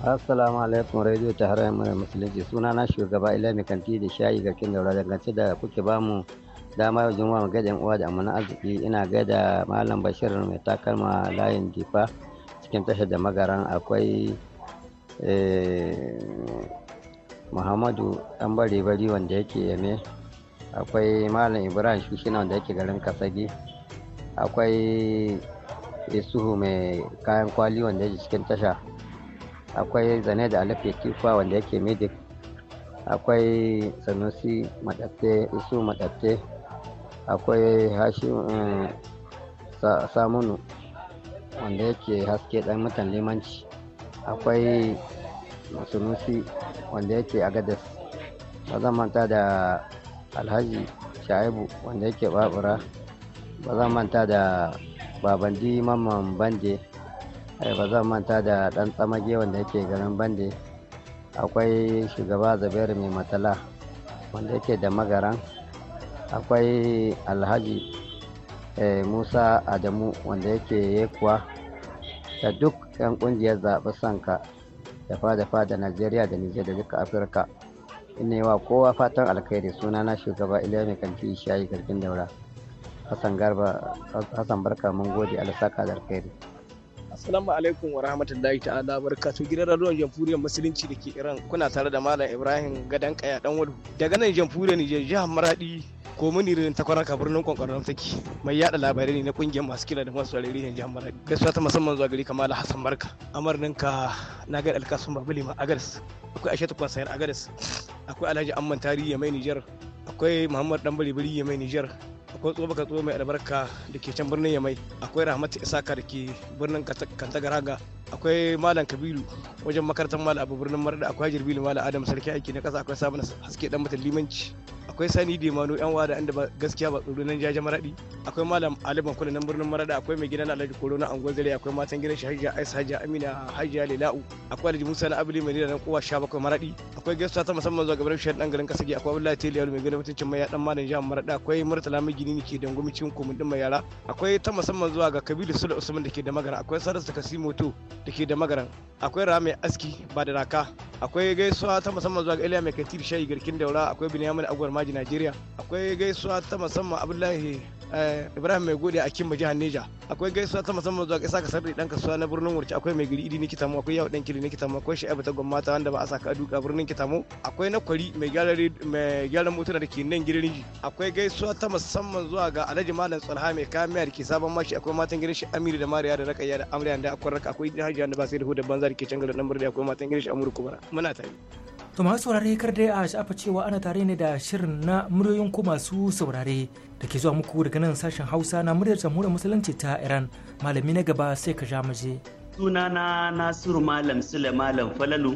Assalamu alaikum radio ta harar mai musulunci suna na shugaba Ilami Kanti da shayi garkin daura dangance da kuke bamu dama yau ga gaida uwa da amana arziki ina gaida malam Bashir mai takalma layin difa cikin tashar da magaran akwai eh, Muhammadu dan bari bari wanda yake yame akwai malam Ibrahim Shushina wanda yake garin Kasagi akwai Isuhu mai kayan kwali wanda yake cikin tasha akwai zane da alafi kifa wanda yake medic akwai sanusi madatte isu madatte akwai hashim eh, samunu wanda yake haske ɗan mutan limanci akwai sanusi wanda yake agadas ba zan manta da alhaji shaibu wanda yake babura ba zan manta da babandi mamman bande Eh, ba zan manta da ɗan tsamage wanda yake garin bande akwai shugaba Zubairu mai matala wanda yake da magaran akwai alhaji eh, musa adamu wanda yake yekuwa da duk 'yan kungiyar zaɓi sanka da fada da najeriya da nijar da duka afirka ina wa kowa fatan alkhairi suna na shugaba iliya mai kanti shayi gargin daura hassan garba barka mun gode alasaka da alkhairi Assalamu alaikum wa rahmatullahi ta'ala barkatu gidan radon jamhuriyar musulunci da ke Iran kuna tare da Malam Ibrahim Gadan Kaya dan wadu daga nan jamhuriyar Nijar jihar Maradi ko munirin ta ka birnin kwankwaron take mai yada labarai ne na kungiyar masu kira da masu rarrari ne jihar Maradi gaskiya ta musamman zuwa gari kamar Hassan Barka amarnin ka na ga alkasun Babali ma Agaris akwai Aishatu sayar Agaris akwai Alhaji Amman Tarihi mai Nijar akwai muhammad dan bari ya mai nijar akwai tsoba ka tsoba mai albarka da ke can birnin yamai akwai rahmatu isaka da ke birnin kantagaraga akwai malam kabiru wajen makarantar malam abu birnin marda akwai hajjar bilu malam adam sarki aiki na kasa akwai sabon haske dan mutum limanci akwai sani da dimano yan wada inda ba gaskiya ba tsoro nan jaje maradi akwai malam ali bankuna nan birnin maradi akwai mai gidan alhaji korona angon zare akwai matan gidan shi hajja aisha hajja amina hajja lila'u akwai alhaji musa na abili mai nan kowa sha bakwai maradi akwai gaisuwa ta musamman zuwa gabar shi dan garin kasage akwai abdullahi teliyar mai gidan mutuncin mai dan malam jihar maradi akwai murtala mai gini ne ke dangwami cikin kumin din mai yara akwai ta musamman zuwa ga kabilu sulu usman da ke da magara akwai sarar ta moto da ke da magaran akwai rame aski ba da raka akwai gaisuwa ta musamman zuwa ga iliya mai katir shayi garkin daura akwai binyamin agwar maji Alhaji Najeriya akwai gaisuwa ta musamman Abdullahi eh, Ibrahim mai gode a Kimba jihar Neja akwai gaisuwa ta musamman zuwa isa kasar da dan kasuwa na birnin Wurce akwai mai gari idi ne kitamu akwai yau dan kiri ne kitamu akwai Sha'ibu ta gwamnati wanda ba a saka duka birnin kitamu akwai na kwari mai gallery mai gallery mutuna da ke nan girin ji akwai gaisuwa ta musamman zuwa ga Alhaji Malam Tsalha mai kamiya da ke sabon mashi akwai matan gidan shi Amiri da Mariya da Rakaya da Amriya da akwai Raka akwai Hajiya da ba sai da hudu banza da ke can nan birni akwai matan gidan shi Amuru Kubara muna tare To masu saurare kar dai a sha'afa cewa ana tare ne da shirin na muryoyin ku masu saurare da ke zuwa muku daga nan sashen Hausa na muryar jamhuriyar musulunci ta Iran malami na gaba sai ka jamaje. Suna na Nasiru Malam Sule Malam Falalu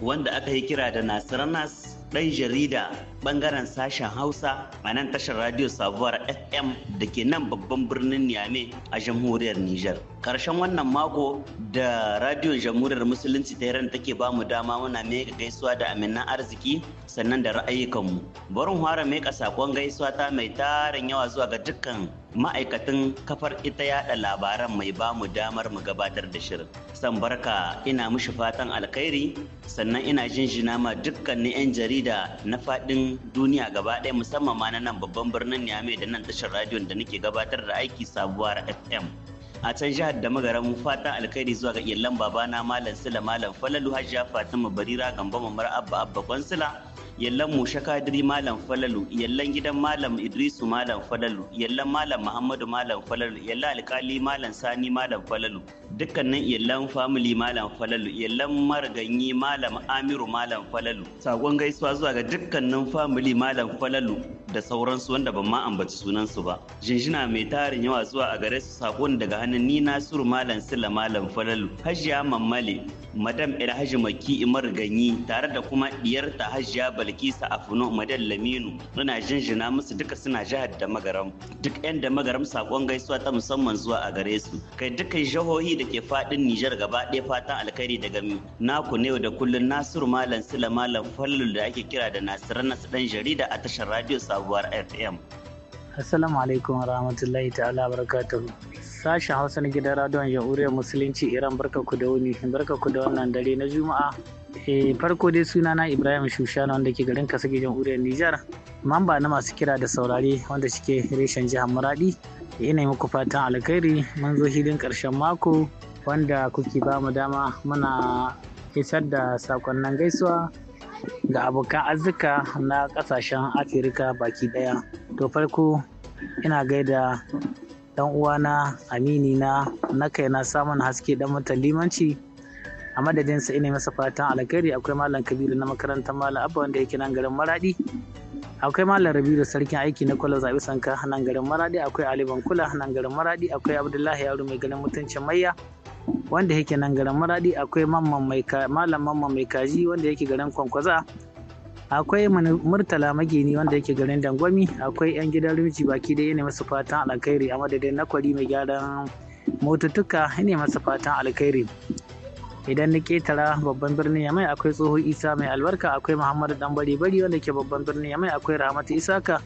wanda aka yi kira da Nasiru Nas ɗan jarida bangaren sashen Hausa a nan tashar Radio Sabuwar FM da ke nan babban birnin Niamey a jamhuriyar Nijar. Karshen wannan mako da Radio Jamhuriyar Musulunci ta Iran take ba mu dama muna meka gaisuwa da aminan arziki sannan da ra'ayyukanmu. Barin fara meka sakon gaisuwa ta mai tarin yawa zuwa ga dukkan ma'aikatan kafar ita yada labaran mai ba mu damar mu gabatar da shirin. San barka ina mushi fatan alkhairi sannan ina jinjina ma dukkanin 'yan jarida na faɗin duniya gaba ɗaya musamman ma na nan babban birnin Niamey da nan tashar radiyon da nake gabatar da aiki sabuwar FM. a can jihar da mu fatan alkhairi zuwa ga iyalan babana malam Sula malam falalu Hajiya fatima barira gamba mamar abba abba kwansila yallan Musa Kadiri malam falalu yallan gidan malam idrisu malam falalu yallan malam muhammadu malam falalu yallan alkali malam sani malam falalu dukkanin iyalan family malam falalu iyalan marganyi malam amiru malam falalu sakon gaisuwa zuwa ga dukkanin family malam falalu da sauransu wanda ban ma ambaci sunansu ba jinjina mai tarin yawa zuwa a gare su sakon daga hannun ni nasiru malam sila malam falalu hajiya mammale madam ir haji maki imar ganyi tare da kuma diyarta hajiya balkisa afuno madan laminu suna jinjina musu duka suna jihar da magaram duk yan da magaram sakon gaisuwa ta musamman zuwa a gare su kai dukkan jihohi da ke fadin Nijar gaba ɗaya fatan alkhairi daga naku ne da kullun Nasiru Malam Sula Malam fallul da ake kira da Nasiru Nasu dan jarida a tashar radio sabuwar FM. Assalamu alaikum warahmatullahi ta'ala barakatuhu. Sashen Hausa na gidan radon jamhuriyar Musulunci Iran barka ku da wuni, barka ku da wannan dare na Juma'a E, farko dai suna na ibrahim shushana wanda ke garin kasage jamhuriyar nijar mamba na masu kira da saurare wanda suke reshen jihar muradi yanayi muku fatan alkhairi mun zo hidin ƙarshen mako wanda kuke ba mu dama muna isar da sakonnin gaisuwa ga abokan arzika na ƙasashen afirka baki ɗaya to farko ina gaida dan uwana amini na na kai na samun haske dan mata limanci a madadinsa ina masa fatan alkhairi akwai malam kabiru na makarantar malam abba wanda yake nan garin maradi akwai malam da sarkin aiki na kwallon zaɓe sanka nan garin maradi akwai ali bankula nan garin maradi akwai abdullahi yaro mai ganin mutuncin mayya wanda yake nan garin maradi akwai malam mamman mai kaji wanda yake garin kwankwaza akwai murtala magini wanda yake garin dangwami akwai yan gidan rimci baki da yana masu fatan alkhairi a madadin na kwari mai gyaran motuttuka yana masa fatan alkhairi idan na ketara babban birnin yamai akwai tsoho isa mai albarka akwai muhammadu dan bari bari wanda ke babban birnin yamai akwai rahmatu isaka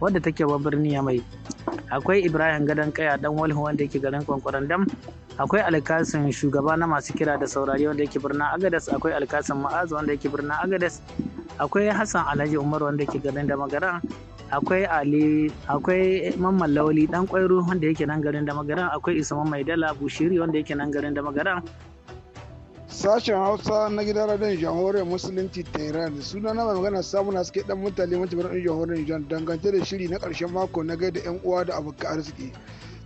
wanda take babban birnin yamai akwai ibrahim gadon kaya dan walhu wanda yake garin kwankwaran dam akwai alkasin shugaba na masu kira da saurari wanda yake birnin agadas akwai alkasin ma'azu wanda yake birnin agadas akwai hassan alhaji umar wanda yake garin da magaran akwai ali akwai mamman lawali dan kwairo wanda yake nan garin da magaran akwai isa mai dala bushiri wanda yake nan garin da magaran Sashen Hausa na gidan radiyon jamhuriyar Musulunci Tehran suna na magana samun na suke dan mutane mutumar jamhuriyar Nijar dangance da shiri na karshen mako na gaida 'yan uwa da abokan arziki.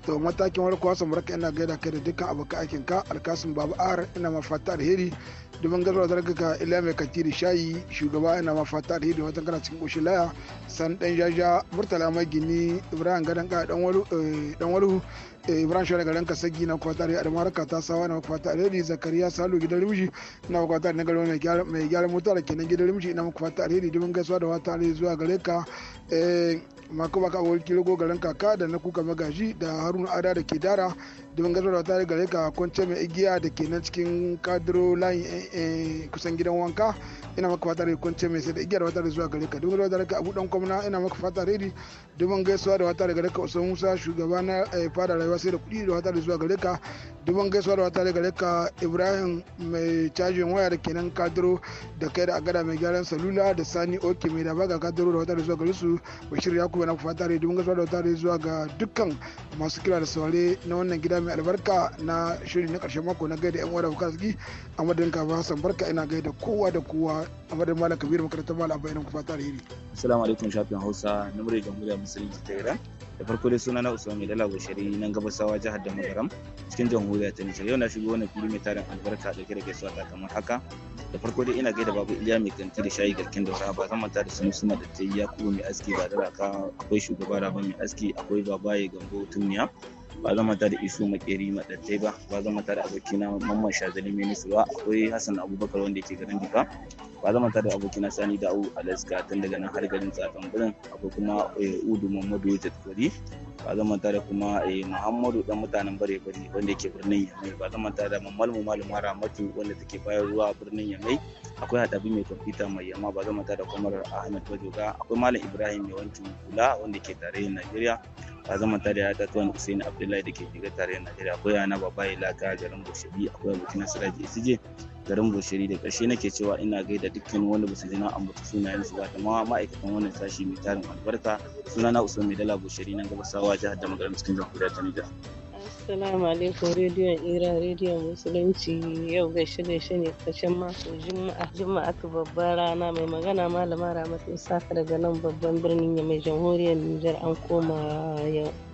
to matakin warko wasan barka ina gaida kai da dukkan abokan aikin ka alkasim babu ar ina ma fata alheri dubin gazuwa zarga ka ila mai katiri shayi shugaba ina ma fata alheri da watan kana cikin ƙoshin laya san dan jaja murtala mai gini ibrahim gadan ka dan walu eh, dan walu eh, ibrahim shawara garin sagi na kwata da adamar ka ta sawa na kwata alheri zakariya salu gidan rimshi na kwata na garin mai gyara mota da kenan gidan rimshi ina kwata alheri dubin gaisuwa da wata alheri zuwa gare ka eh, kuma ka wani kilo garin kaka da na kuka magaji da haruna ada da ke dara domin gazawa ta gare ka kwance mai igiya da ke nan cikin kadiro layin eh, eh, kusan gidan wanka ina maka fata rai kwance mai sai da igiyar wata zuwa gare ka domin da ka abu dan kwamna ina maka fata rai domin gaisuwa da wata daga raka usman musa shugaba na eh, fada rayuwa sai da kuɗi da wata zuwa gare ka domin gaisuwa da wata gare ka ibrahim mai cajin waya da kenan kadiro da kai da agada mai gyaran salula da sani oke mai da baga kadiro da wata zuwa gare su bashir kuma na fata rai domin gaisuwa da wata zuwa ga dukkan masu kira da saurare na wannan gida mai albarka na shirin na karshen mako na gaida yan uwa da bukarski a madadin ka ba hassan barka ina gaida kowa da kowa magana malam makarantar malam bayan kuma ta assalamu alaikum shafin hausa na murya jamhuriyar musulunci ta iran da farko dai suna na usman mai dala shari'a nan gabasawa jihar da magaram cikin jamhuriyar ta nijar yau na shigo wani fili mai tarin albarka da kira gaisuwa ta kamar haka da farko dai ina da babu iliya mai kanti da shayi garkin da ba zan manta da sun suna da ta yi yakubu mai aski ba da raka akwai shugaba raba mai aski akwai babaye gambo tumiya ba za mu da isu makeri madattai ba ba mu manta da abokina mamman shazali menisu ba akwai hassan abubakar wanda yake garin jika ba zan manta da abokina sani da'u alaska tun daga nan har garin tsakan birnin akwai kuma eh, udu mamadu ya tattali ba za mu da kuma eh, muhammadu dan mutanen bare bare wanda yake birnin yamai ba za mu da mamalmu malama ramatu wanda take bayar ruwa a birnin yamai akwai hadabi mai kwamfuta mai yamma ba za mu da kwamar ahmed bajoga akwai malam ibrahim mai wancan kula wanda ke tarayyar najeriya ta zama ta da ta tuwan Hussein Abdullahi da ke shiga tare Najeriya akwai yana baba ilaka garin Bushiri akwai abokin isi Isije garin Bushiri da ƙarshe nake cewa ina gaida dukkan wani ba su ji mutu sunayen su ba ma'aikatan wannan sashi mai tarin albarka sunana Usman dala Bushiri nan gabasawa jihar da cikin jamhuriyar ta Nijar. Assalamu alaikum rediyon Iran rediyon Musulunci yau gaishe gaishe ne karshen mako Juma'a Juma'a ta babbar rana mai magana malama Ramatu Saka daga nan babban birnin mai jamhuriyar Nijar an koma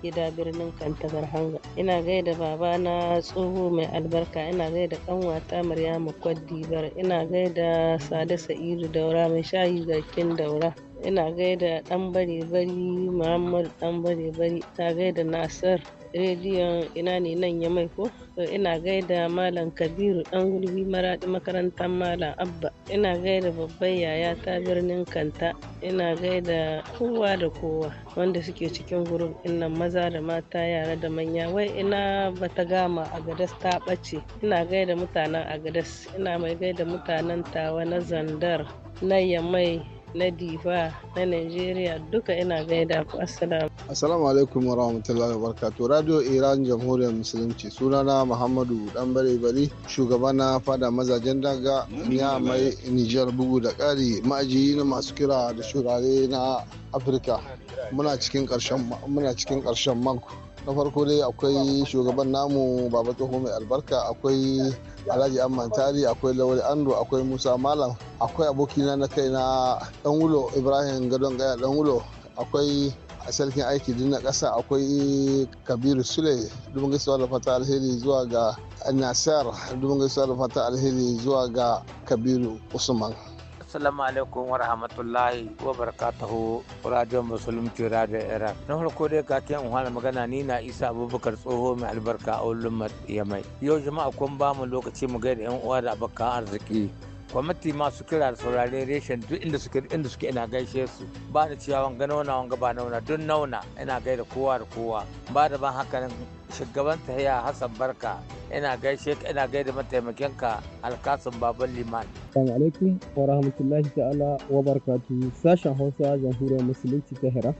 gida birnin Kantagar Hanga. Ina gaida babana tsoho mai albarka ina gaida kanwata Maryamu Kwadibar ina gaida Sada Sa'idu Daura mai shayi kin Daura. ina gaida dan bare bari muhammadu dan bare bari ta gaida nasir rediyon ina ne nan ya mai ko ina gaida malam kabiru dan gulbi maradi makarantar malam abba ina gaida babban yaya ta birnin kanta ina gaida kowa da kowa wanda suke cikin gurin innan maza da mata yara da manya wai ina bata gama a gadas ta ɓace ina gaida mutanen agadas ina mai gaida mutanen tawa na zandar na yamai na diva na nigeria duka ina gaida ku assalamu assalamu alaikum wa rahmatullahi wa barakatuh radio iran jamhuriyar musulunci sunana muhammadu dan bare bari shugaba na fada mazajen daga ya mai niger bugu da kari ma'ajiyi na masu kira da shurare na afirka muna cikin karshen muna cikin karshen manku na farko dai akwai shugaban namu baba tsoho mai albarka akwai alhaji amman tari akwai lawal ando akwai musa malam akwai abokina na kai na dan wulo ibrahim gadon gaya dan wulo akwai a sarkin aiki din na ƙasa akwai kabiru sule dubin gaisuwa da fata alheri zuwa ga nasar dubin gaisuwa da fata alheri zuwa ga kabiru usman assalamu alaikum wa rahmatullahi wa barakatuhu radio musulunci radio iraq na farko dai ka ta yan magana ni na isa abubakar tsoho mai albarka a ulumar yamai yau jama'a kun ba mu lokaci mu gaida yan uwa da abokan arziki kwamiti masu kira da saurare reshen duk inda suke inda suke ina gaishe su ba da cewa wanga nauna wanga ba nauna duk nauna ina gaida kowa da kowa ba da ban haka nan shugaban tahiya hassan barka ina gaishe ka ina gaida mataimakin ka alkasun baban liman assalamu alaikum wa rahmatullahi ta'ala wa barakatuhu sashen hausa jamhuriyar musulunci ta hira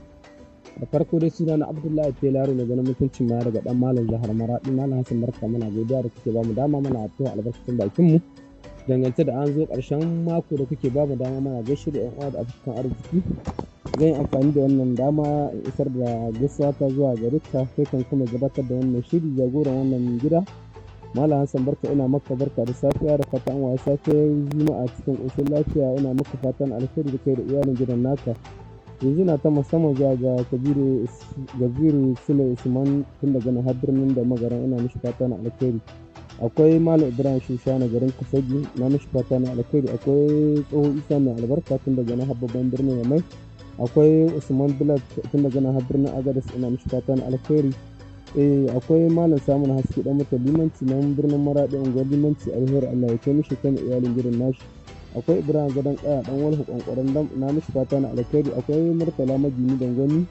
da farko dai suna na abdullahi telaro ganin mutuncin ma daga dan malam jihar maradi malam hassan barka muna godiya da kuke ba mu dama mana a albarkacin bakin mu dangance da an zo ƙarshen mako da kuke mu dama mana gaishe da 'yan uwa da abokan arziki zan yi amfani da wannan dama in isar da gaisuwa ta zuwa ga ka kai kan kuma gabatar da wannan shiri jagoran wannan gida Malam Hassan barka ina maka barka da safiya da fata an yi safiyar juma'a cikin ƙoshin lafiya ina maka fatan alheri da kai da iyalin gidan naka yanzu na ta musamman zuwa ga kabiru gabiru sule usman tun daga na birnin da magaran ina mishi fatan alheri akwai malam ibrahim na garin kasagi na mishi na alkhairi akwai tsoho isa mai albarka tun daga na babban birnin mai akwai usman bilal tun daga na birnin agadis ina mishi na alkhairi eh, akwai malam samun haske dan mata limanci nan birnin maradi unguwar limanci alheri allah ya kai mishi kan iyalin gidan nashi akwai ibrahim gadon kaya dan walhu kwankwaran na mishi fata na alkhairi akwai murtala Majini dangwani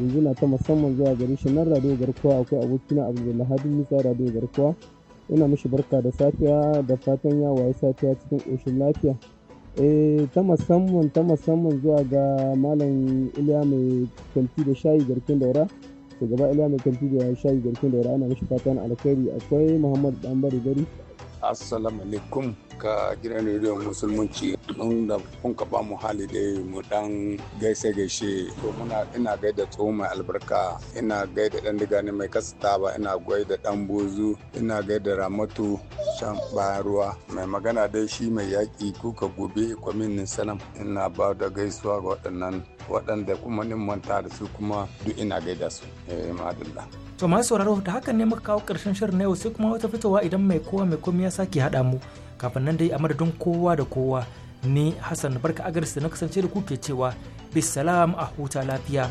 yanzu na ta musamman zuwa garin shi nan radio garkuwa akwai abokina abdullahi musa radio garkuwa ina mishi barka da safiya da fatan ya waye safiya cikin ƙoshin lafiya eh ta musamman ta musamman zuwa ga malam iliya mai kanti da shayi garkin daura shugaba iliya mai kanti da shayi garkin daura ana mishi fatan alkhairi akwai muhammad ɗan bari gari assalamu alaikum ka gidan rediyon musulmanci don da kun ka ba mu hali dai mu dan gaise gaishe to muna ina gaida tsohon mai albarka ina gaida dan digani mai kasta ba ina gaida dan bozu ina gaida ramatu shan bayan ruwa mai magana dai shi mai yaƙi kuka gobe kwamin salam ina ba da gaisuwa ga waɗannan waɗanda kuma nin manta da su kuma duk ina gaida su eh, madalla. To ma sauraro da haka ne muka kawo karshen shirin na yau sai kuma wata fitowa idan mai kowa mai komai ya sake haɗa mu kafin nan dai a madadin kowa da kowa ni Hassan Barka Agarsu na kasance da ku ke cewa bisalam a huta lafiya.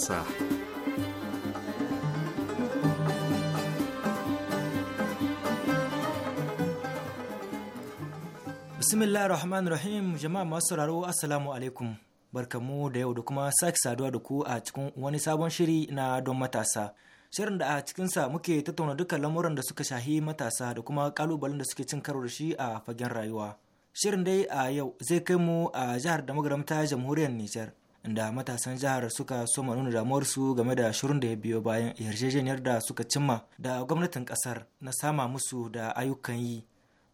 matasa. Bismillah rahman rahim jama'a masu sauraro Assalamu alaikum. Barkamu da yau da kuma sake saduwa da ku a cikin wani sabon shiri na don matasa. Shirin da a cikinsa muke tattauna duka lamuran da suka shahi matasa da kuma kalubalen da suke cin karo da shi a fagen rayuwa. Shirin dai a yau zai kai mu a jihar da magaramta jamhuriyar Nijar. inda matasan jihar suka soma nuna damuwarsu game da shirin da ya biyo bayan yarjejeniyar da suka cimma da gwamnatin kasar na sama musu da ayyukan yi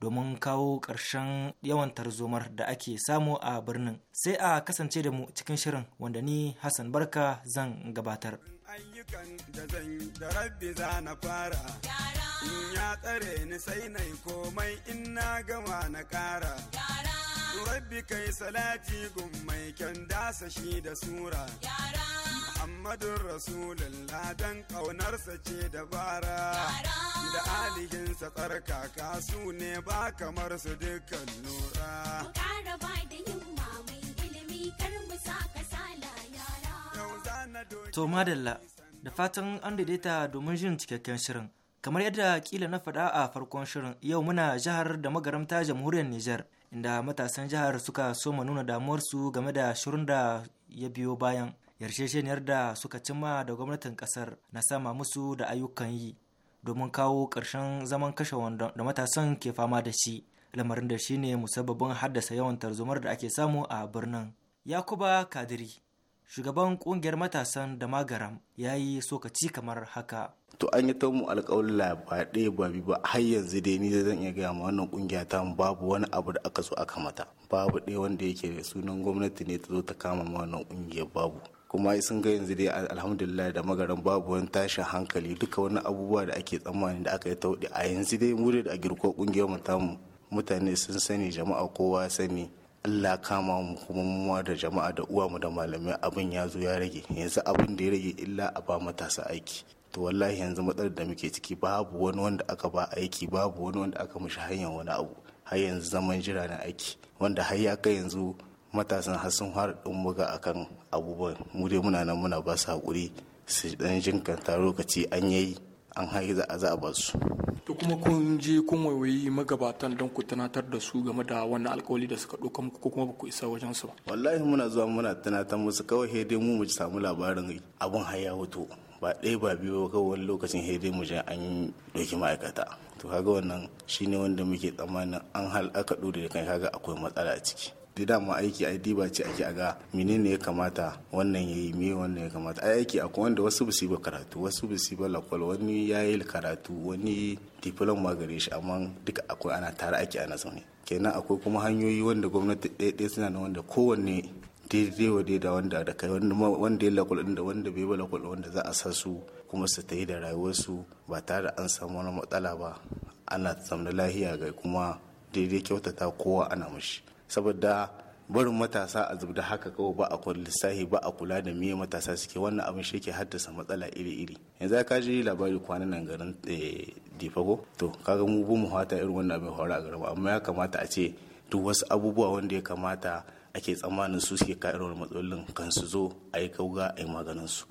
domin kawo ƙarshen yawan tarzomar da ake samu a birnin sai a kasance da mu cikin shirin wanda ni hassan barka zan gabatar ayyukan da da rabbi za na fara in ya tsare ni sai na yi komai in na gama na ƙara. rabbi kai salati gun mai kyan dasa shi da sura yara muhammadun rasulullah dan ƙaunarsa ce dabara da alihinsa tsarkaka su ne ba kamar su dukkan nura To madalla da fatan an daidaita domin jin cikakken shirin. Kamar yadda kila na faɗa a farkon shirin yau muna jihar da magaramta jamhuriyar Nijar inda matasan jihar suka soma nuna damuwarsu game da shirin da ya biyo bayan yarjejeniyar da suka cimma da gwamnatin kasar na sama musu da ayyukan yi domin kawo ƙarshen zaman kashe wandon da matasan ke fama da shi lamarin da shine musabbabin haddasa yawan tarzomar da ake samu a birnin yakuba kadiri shugaban kungiyar matasan da magaram ya yi sokaci kamar haka to an yi ta mu alƙawalla ba ba biyu ba har yanzu dai ni zan iya gaya ma wannan kungiya ta babu wani abu da aka so aka mata babu ɗaya wanda yake da sunan gwamnati ne ta zo ta kama ma wannan kungiyar babu kuma sun ga yanzu dai alhamdulillah da magaran babu wani tashin hankali duka wani abubuwa da ake tsammani da aka yi wuɗi a yanzu dai mu da a girko kungiyar mu mutane sun sani jama'a kowa sani Allah kama mu kuma mu da jama'a da uwa mu da malamai abin ya zo ya rage yanzu abin da ya rage illa a ba matasa aiki to wallahi yanzu matsalar da muke ciki babu wani wanda aka ba aiki babu wani wanda aka mishi hanyar wani abu har yanzu zaman jira na aiki wanda har ya kai yanzu matasan har sun ɗin buga akan abubuwan mu dai muna nan muna ba su haƙuri su dan jinkanta lokaci an yayi an haihu za a basu. to kuma kun je kun waiwayi magabatan don ku tunatar da su game da wannan alkawali da suka ɗauka muku ko kuma ku isa wajen su wallahi muna zuwa muna tunatar musu kawai sai mu mu samu labarin abun haya hoto ba ɗaya ba biyu ba kawai wani lokacin sai mu je an ɗauki ma'aikata to kaga wannan shine wanda muke tsammanin an hal aka ɗore da kai kaga akwai matsala a ciki da dama aiki a diba ce ake aga menene ya kamata wannan ya yi me wannan ya kamata ai aiki akwai wanda wasu ba su ba karatu wasu ba su ba lakwal wani ya yi karatu wani diploma gare shi amma duka akwai ana tare ake ana zaune kenan akwai kuma hanyoyi wanda gwamnati ɗaya suna na wanda kowanne daidai wa daidai wanda da kai wanda ya lakwal da wanda bai ba lakwal wanda za a sa su kuma su ta yi da rayuwarsu ba tare da an samu wani matsala ba ana zamna lahiya ga kuma daidai kyautata kowa ana mashi saboda barin matasa a zubda haka kawai ba a kula lissafi ba a kula da miye matasa suke wannan abin shi ke haddasa matsala iri-iri yanzu ka ji labari kwanan nan garin eh, difago to kaga mu bu mu hata irin wannan abin hawara a garin amma ya kamata a ce duk wasu abubuwa wanda ya kamata ake tsammanin su suke ka irin matsalolin kan su zo a yi kauga a yi maganin su.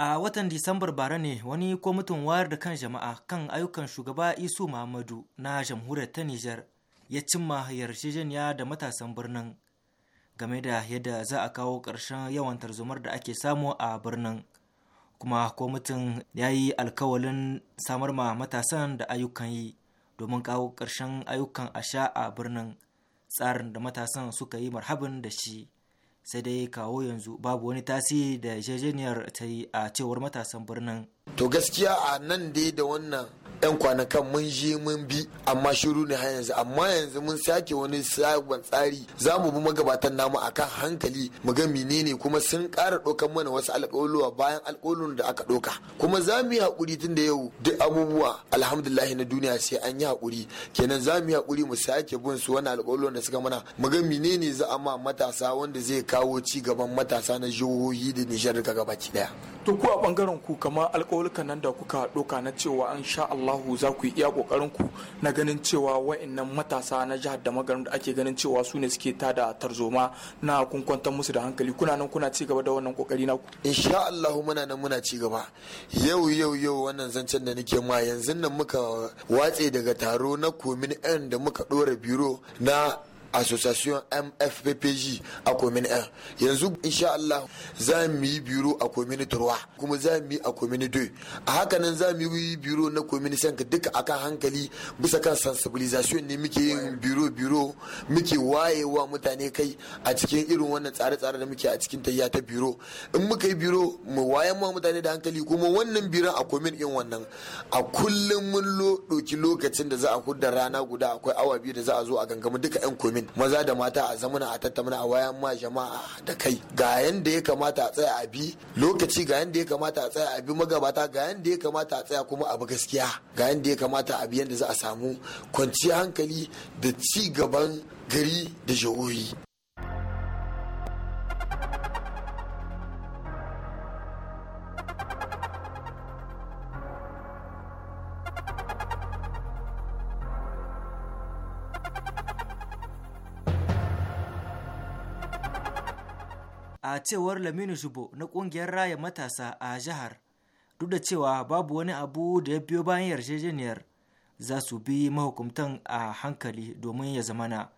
a watan disambar bara ne wani kwamitin wayar da kan jama'a kan ayyukan shugaba isu muhammadu na jamhuriyar ta nijar ya cimma yarjejeniya da matasan birnin game da yadda za a kawo ƙarshen yawan tarzomar da ake samu a birnin kuma kwamitin ya yi alkawalin samar ma matasan da ayyukan yi domin kawo ƙarshen ayyukan asha a birnin tsarin da matasan suka yi marhabin da shi sai dai kawo yanzu babu wani tasiri da yarjejeniyar ta yi a cewar matasan birnin to gaskiya a nan dai da wannan 'yan kwanakan mun je mun bi amma shiru ne har yanzu amma yanzu mun sake wani sabon tsari za mu bi magabatan namu kan hankali mu ga menene kuma sun ƙara ɗaukan mana wasu alƙawuluwa bayan alƙawulun da aka ɗauka kuma za mu yi haƙuri tun da yau duk abubuwa alhamdulillah na duniya sai an yi haƙuri kenan za mu yi haƙuri mu sake bin su wani alƙawuluwan da suka mana mu ga menene za a ma matasa wanda zai kawo ci gaban matasa na jihohi da Nijar daga gabaki daya. To ku a bangaren ku kamar alƙawulukan nan da kuka ɗauka na cewa an sha Allah Allahu za ku yi iya kokarin ku na ganin cewa wa'annan matasa na jihar da magarin da ake ganin cewa su ne suke tada tarzoma na kunkwantar musu da hankali kuna nan kuna ci gaba da wannan kokari na ku insha Allah muna nan muna ci gaba yau yau yau wannan zancen da nake ma yanzu nan muka watse daga taro na komin yan da muka ɗora biro na association mfppj a komin 1 yanzu insha Allah za mu yi biro a komin turwa kuma za mu yi a komin doy a hakanan za mu yi biro na komin sanka duka akan hankali bisa kan sensibilisation ne muke yin biro biro muke wayewa mutane kai a cikin irin wannan tsare-tsare da muke a cikin tayya ta biro in muka yi biro mu wayan ma mutane da hankali kuma wannan biro a komin din wannan a kullum mun doki lokacin da za a hudda rana guda akwai awa biyu da za a zo a gangamu duka yan komin musulmin maza da mata a zamana a tattauna a wayan ma jama'a da kai ga yanda ya kamata a tsaya a bi lokaci ga yanda ya kamata a tsaya a bi magabata ga yanda ya kamata a tsaya kuma abu gaskiya ga yanda ya kamata a bi yanda za a samu kwanciyar hankali da ci gaban gari da jihohi a cewar lamini zubo na kungiyar raya matasa a jihar duk da cewa babu wani abu da ya biyo bayan yarjejeniyar za su bi mahukumtan a hankali domin ya zamana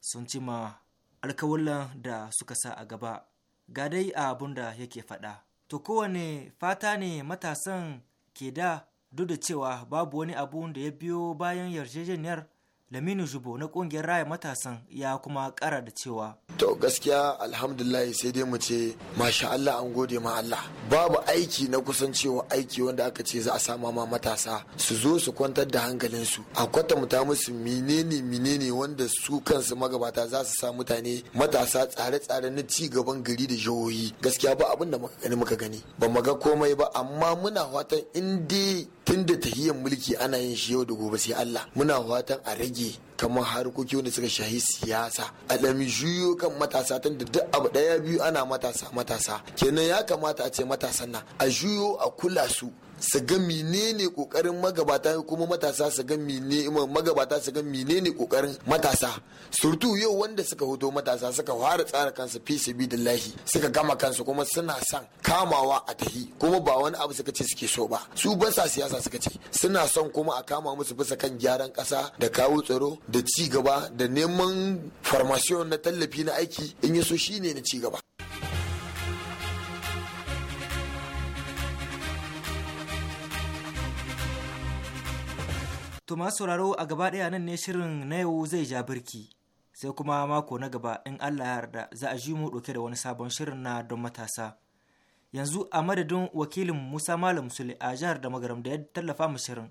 sun cima alkawalan da suka sa a gaba ga dai abun da yake faɗa to kowane fata ne matasan ke da duk da cewa babu wani abu da ya biyo bayan yarjejeniyar Laminu Zubo na kungiyar raya matasan ya kuma kara da cewa. To gaskiya alhamdulillah sai dai mu ce masha Allah an gode ma Allah. Babu aiki na kusan cewa aiki wanda aka ce za a sama ma matasa su zo su kwantar da hankalinsu. A kwata ta musu menene menene wanda su kansu magabata za su sa mutane matasa tsare-tsare na ci gaban gari da jihohi. Gaskiya ba abin da muka gani muka gani. Ba mu ga komai ba amma muna fatan in dai tun da tahiyyar mulki ana yin shi yau da gobe sai Allah muna fatan a rage kamar harkoki wanda suka shahi siyasa a ɗan juyo kan matasa tun da duk abu ɗaya biyu ana matasa matasa kenan ya kamata a ce matasan nan a juyo a kula su su ga menene kokarin magabata kuma matasa su ga mene magabata su ga menene kokarin matasa surtu yau wanda suka hoto matasa suka fara tsara kansu fi sabidillahi suka gama kansu kuma suna son kamawa a tahi kuma ba wani abu suka ce suke so ba su ba sa siyasa suka ce suna son kuma a kama musu bisa kan gyaran kasa da kawo tsaro da ci gaba da neman farmasiyon na tallafi na aiki in yaso shine na ci gaba To masu sauraro a gaba ɗaya nan ne shirin na yau zai ja birki sai kuma mako na gaba in Allah ya yarda za a ji mu ɗauke da wani sabon shirin na don matasa. Yanzu a madadin wakilin Musa Malam Sule a jihar da magaram da ya tallafa mu shirin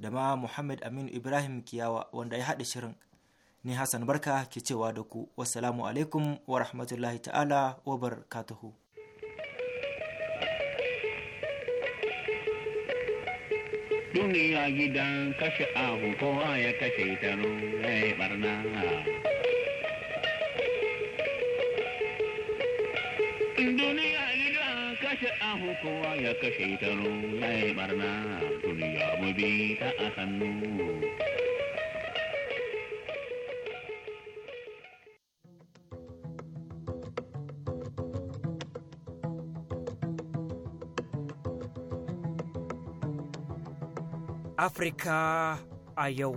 da ma Muhammad Aminu Ibrahim Kiyawa wanda ya haɗa shirin. Ni Hassan Barka ke cewa da ku, wassalamu alaikum wa rahmatullahi ta'ala wa barakatuhu. duniya gidan kashe abu kowa ya kashe ta ya barna duniya gidan kashe abu kowa ya kashe ta ya barna duniya mu bi ta a hannu Afirka a yau.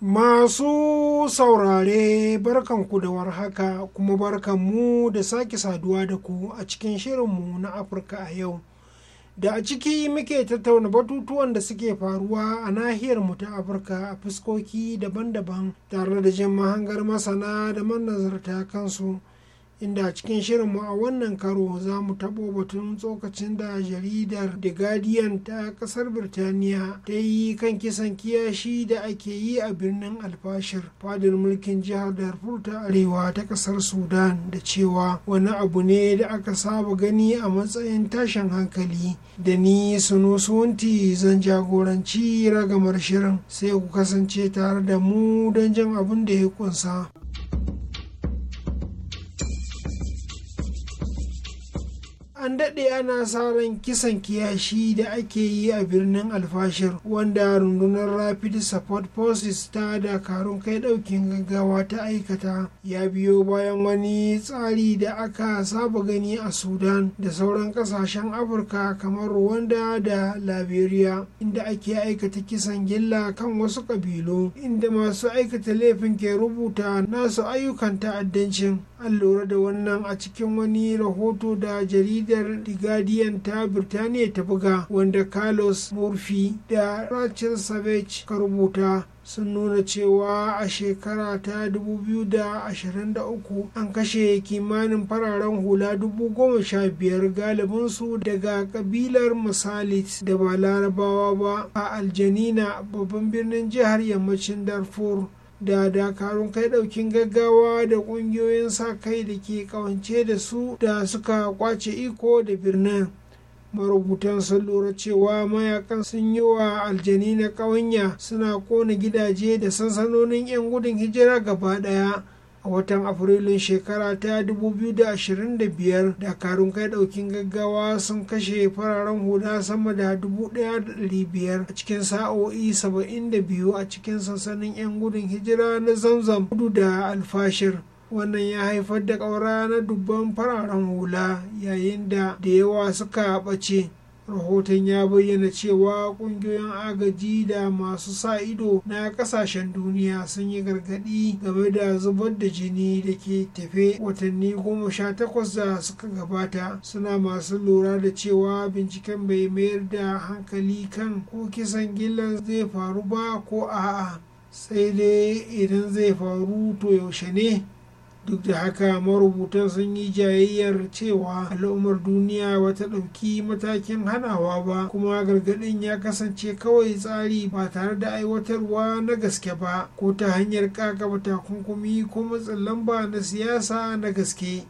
Masu saurare barkanku da warhaka kuma mu da sake saduwa da ku a cikin shirinmu na Afirka a yau. Da a ciki muke tattauna batutuwan da suke faruwa a nahiyar mu ta Afirka a fuskoki daban-daban tare da jin mahangar masana da manazarta kansu. inda a cikin shirinmu a wannan karo za mu taɓo batun tsokacin da jaridar the guardian ta ƙasar birtaniya ta yi kan kisan kiyashi da ake yi a birnin alfashir fadin mulkin jihar darfur ta arewa ta ƙasar sudan da cewa wani abu ne da aka saba gani a matsayin tashin hankali da ni suno sunti zan jagoranci ragamar shirin sai ku kasance tare da mu don jin abin da ya kunsa. an daɗe ana sa ran kisan kiyashi da ake yi a birnin alfashir wanda rundunar rapid support forces ta dakarun kai ɗaukin gaggawa ta aikata ya biyo bayan wani tsari da aka saba gani a sudan da sauran ƙasashen afirka kamar rwanda da liberia inda ake aikata kisan gilla kan wasu ƙabilu inda masu aikata laifin ke rubuta nasu ayyukan ta'addancin an lura da wannan a cikin wani rahoto da jaridar the guardian ta birtaniya ta buga wanda carlos murphy da rachel savage ka rubuta sun nuna cewa a shekara ta 2023 an kashe kimanin fararen hula 15,000 galibinsu daga kabilar masalit da ba larabawa ba a aljanina babban birnin jihar yammacin darfur da dakarun kai daukin gaggawa da kungiyoyin sa kai da ke kawance da su da suka kwace iko da birnin marubutan sun lura cewa mayakan sun yi wa aljani na ƙawanya suna kona gidaje da sansanonin 'yan gudun hijira gaba ɗaya a watan afrilun shekara ta 2025 dakarun kai daukin gaggawa sun kashe fararen hula sama da 1,500 a cikin sa'o'i 72 a cikin sansanin 'yan gudun hijira na zamzam gudu da alfashir wannan ya haifar da ƙaura na dubban fararen hula yayin da da yawa suka ɓace rahoton ya bayyana cewa kungiyoyin agaji da masu sa ido na kasashen duniya sun yi gargadi game da zubar da jini da ke tafe watanni goma sha takwas da suka gabata suna masu lura da cewa binciken bai mayar da hankali kan ko kisan gillan zai faru ba ko a'a sai dai idan zai faru to yaushe ne duk da haka marubutan sun yi jayayyar cewa al'ummar duniya ba ta ɗauki matakin hanawa ba kuma gargaɗin ya kasance kawai tsari ba tare da aiwatarwa na gaske ba ko ta hanyar kakaba takunkumi ko matsin lamba na siyasa na gaske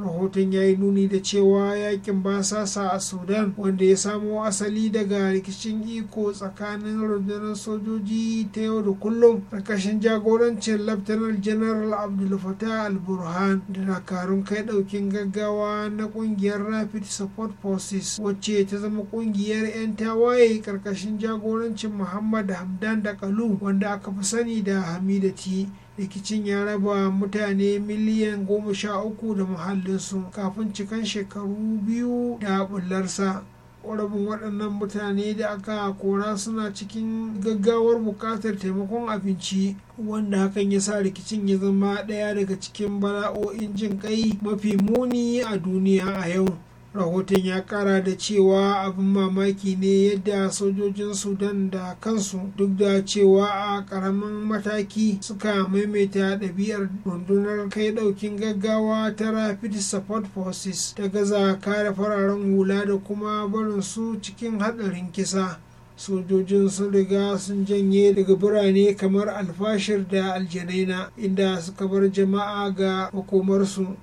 rahoton ya yi nuni da cewa yakin basasa a sudan wanda ya samo asali daga rikicin iko tsakanin rundunar sojoji ta yau da kullum ƙarƙashin jagorancin laftanar general abdul fatah al-burhan da dakarun kai ɗaukin gaggawa na ƙungiyar rapid support forces wacce ta zama ƙungiyar 'yan tawaye karkashin jagorancin muhammad hamdan da kalu wanda aka fi sani da hamidati rikicin ya raba mutane miliyan goma sha uku da muhallinsu kafin cikan shekaru biyu da bullarsa rabin waɗannan mutane da aka kora suna cikin gaggawar buƙatar taimakon abinci wanda hakan ya sa rikicin ya zama ɗaya daga cikin bala'o'in jin ƙai mafi muni a duniya a yau rahoton ya kara da cewa abin mamaki ne yadda sojojin sudan da kansu duk da cewa a karamin mataki suka maimaita ɗabi'ar rundunar kai ɗaukin gaggawa ta rapid support forces ta gaza kare fararen hula da kuma barin su cikin haɗarin kisa sojojin sun riga sun janye daga birane kamar alfashir da aljanaina inda suka bar jama'a ga hukumarsu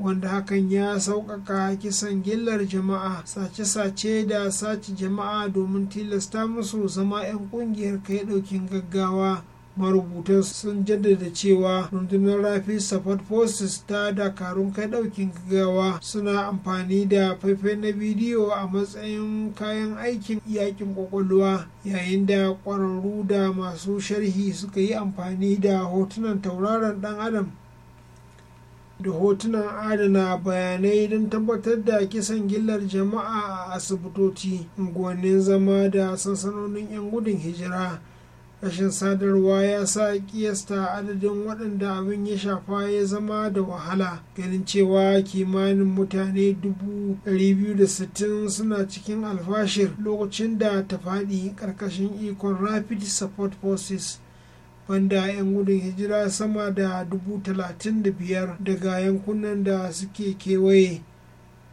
wanda hakan ya sauƙaƙa kisan gillar jama'a sace-sace da sace jama'a domin tilasta musu zama 'yan ƙungiyar kai ɗaukin gaggawa marubutan sun jaddada cewa rundunar rafi support forces ta dakarun kai ɗaukin gaggawa suna amfani da faifai na bidiyo a matsayin kayan aikin yakin kwakwalwa yayin da kwararru da masu sharhi suka yi amfani da hotunan tauraron ɗan adam da hotunan adana bayanai don tabbatar da kisan gillar jama'a a asibitoci unguwannin zama da sansanonin 'yan gudun hijira rashin sadarwa ya sa kiyasta adadin waɗanda abin ya shafa ya zama da wahala ganin cewa kimanin mutane 260 suna cikin alfashir lokacin da ta faɗi ƙarƙashin ikon rapid support forces wanda 'yan gudun hijira sama da dubu talatin da biyar daga yankunan da suke kewaye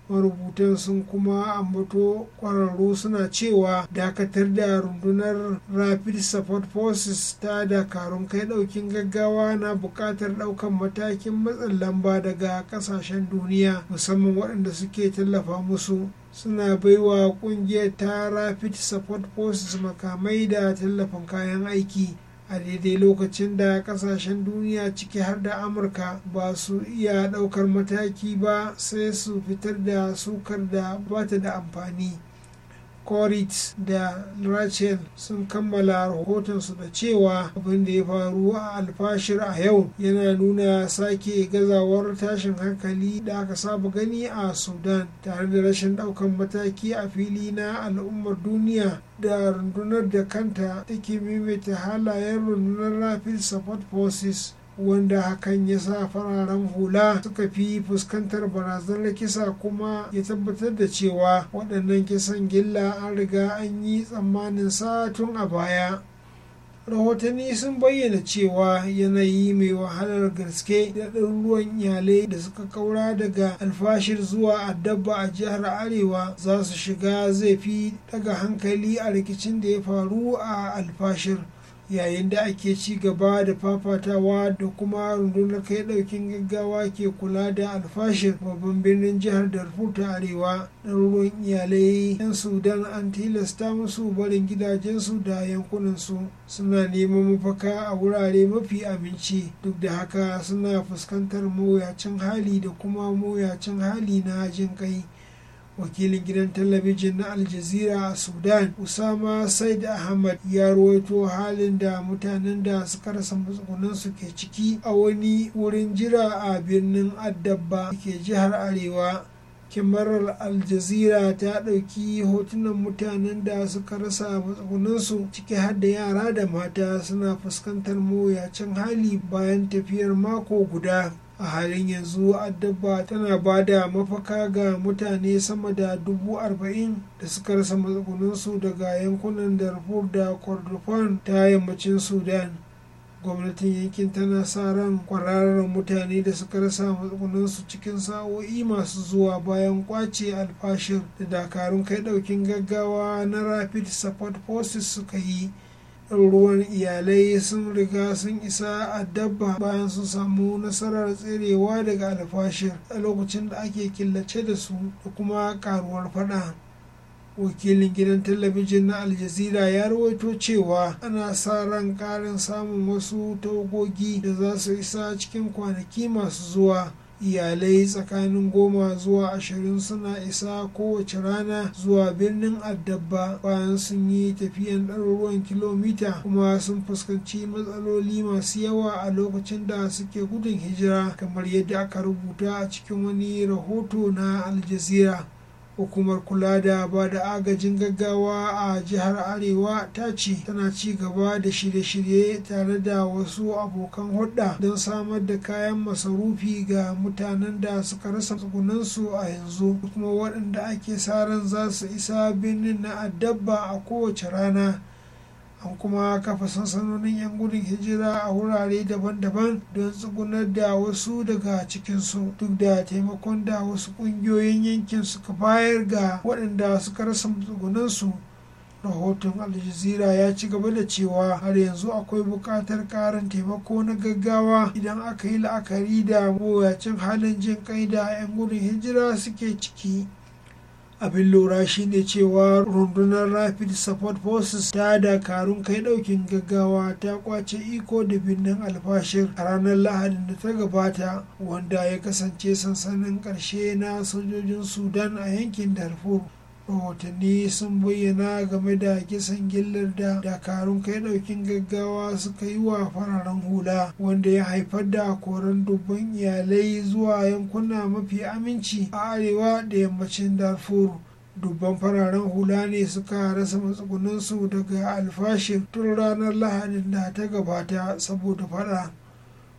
marubutan sun kuma ambato kwararru suna cewa dakatar da rundunar rapid support forces ta dakarun kai daukin gaggawa na bukatar daukan matakin matsin lamba daga kasashen duniya musamman waɗanda suke tallafa musu suna baiwa kungiyar ta rapid support forces makamai da tallafin kayan aiki a daidai lokacin da kasashen duniya ciki har da amurka ba su iya daukar mataki ba sai su fitar da sukar da bata da amfani Koritz da Rachel sun kammala rahotonsu da cewa abin da ya faru a alfashir a yau yana nuna sake gazawar tashin hankali da aka saba gani a Sudan tare da rashin daukan mataki a fili na al'ummar duniya da rundunar da kanta take maimaita halayen rundunar Rapid Support Forces wanda hakan ya sa fararen hula suka fi fuskantar barazanar kisa kuma ya tabbatar da cewa waɗannan kisan gilla an riga an yi tsammanin sa tun a baya rahotanni sun bayyana cewa yanayi mai wahalar gaske da ɗaruruwan iyalai da suka kaura daga alfashir zuwa addabba a jihar arewa za su shiga zai fi daga hankali a rikicin da ya faru a alfashir yayin da ake ci gaba da fafatawa da kuma rundunar kai daukin gaggawa ke kula da alfashin babban birnin jihar darfur ta arewa ɗaruruwan iyalai 'yan sudan an tilasta musu barin gidajensu da yankunansu suna neman mafaka a wurare mafi aminci duk da haka suna fuskantar mawuyacin hali da kuma mawuyacin hali na jin kai wakilin gidan talabijin na aljazira a sudan usama said ahmad ya ruwaito halin da mutanen da suka rasa matsugunansu ke ciki a wani wurin jira a birnin addabba ke jihar arewa kimarar aljazira ta ɗauki hotunan mutanen da suka rasa matsugunansu ciki har da yara da mata suna fuskantar mawuyacin hali bayan tafiyar mako guda a halin yanzu addabba tana ba da mafaka ga mutane sama da dubu arba'in da suka rasa matsugunansu daga yankunan darfur da kordofan ta yammacin sudan gwamnatin yankin tana sa ran kwararren mutane da suka rasa matsugunansu cikin sa'o'i masu zuwa bayan kwace alfashir da dakarun kai daukin gaggawa na rapid support forces suka yi Ruwan iyalai sun riga sun isa a dabba bayan sun samu nasarar tserewa daga alfashir a lokacin da ake killace da su da kuma karuwar fada wakilin gidan talabijin na aljazira ya rawaito cewa ana sa ran karin samun wasu tagogi da za su isa cikin kwanaki masu zuwa iyalai tsakanin goma zuwa ashirin suna isa kowace rana zuwa birnin addabba bayan sun yi tafiyan ɗaruruwan kilomita kuma sun fuskanci matsaloli masu yawa a lokacin da suke gudun hijira kamar yadda aka rubuta a cikin wani rahoto na aljazira hukumar kula da ba da agajin gaggawa a jihar arewa ta ce tana ci gaba da shirye-shirye tare da wasu abokan hulɗa don samar da kayan masarufi ga mutanen da suka rasa tsugunansu a yanzu kuma waɗanda ake sa ran za su isa birnin na addabba a kowace rana an kuma kafa sansanonin 'yan gudun hijira a wurare daban-daban don tsugunar da wasu daga cikinsu duk da taimakon da wasu ƙungiyoyin yankin suka bayar ga waɗanda suka rasa tsugunansu rahoton aljazira ya ci gaba da cewa har yanzu akwai buƙatar ƙarin taimako na gaggawa idan aka yi la'akari da mawuyacin halin jin kai da 'yan gudun hijira suke ciki abin lura shine cewa rundunar rapid support forces ta dakarun kai daukin gaggawa ta kwace iko da birnin alfashir a ranar lahadin da ta gabata wanda ya kasance sansanin karshe na sojojin sudan a yankin darfur rahotanni sun bayyana game da kisan gillar da dakarun kai daukin gaggawa suka yi wa fararen hula wanda ya haifar da koran dubban iyalai zuwa yankuna mafi aminci a arewa da yammacin darfur dubban fararen hula ne suka rasa matsugunansu daga alfashin tun ranar lahadin da ta gabata saboda fada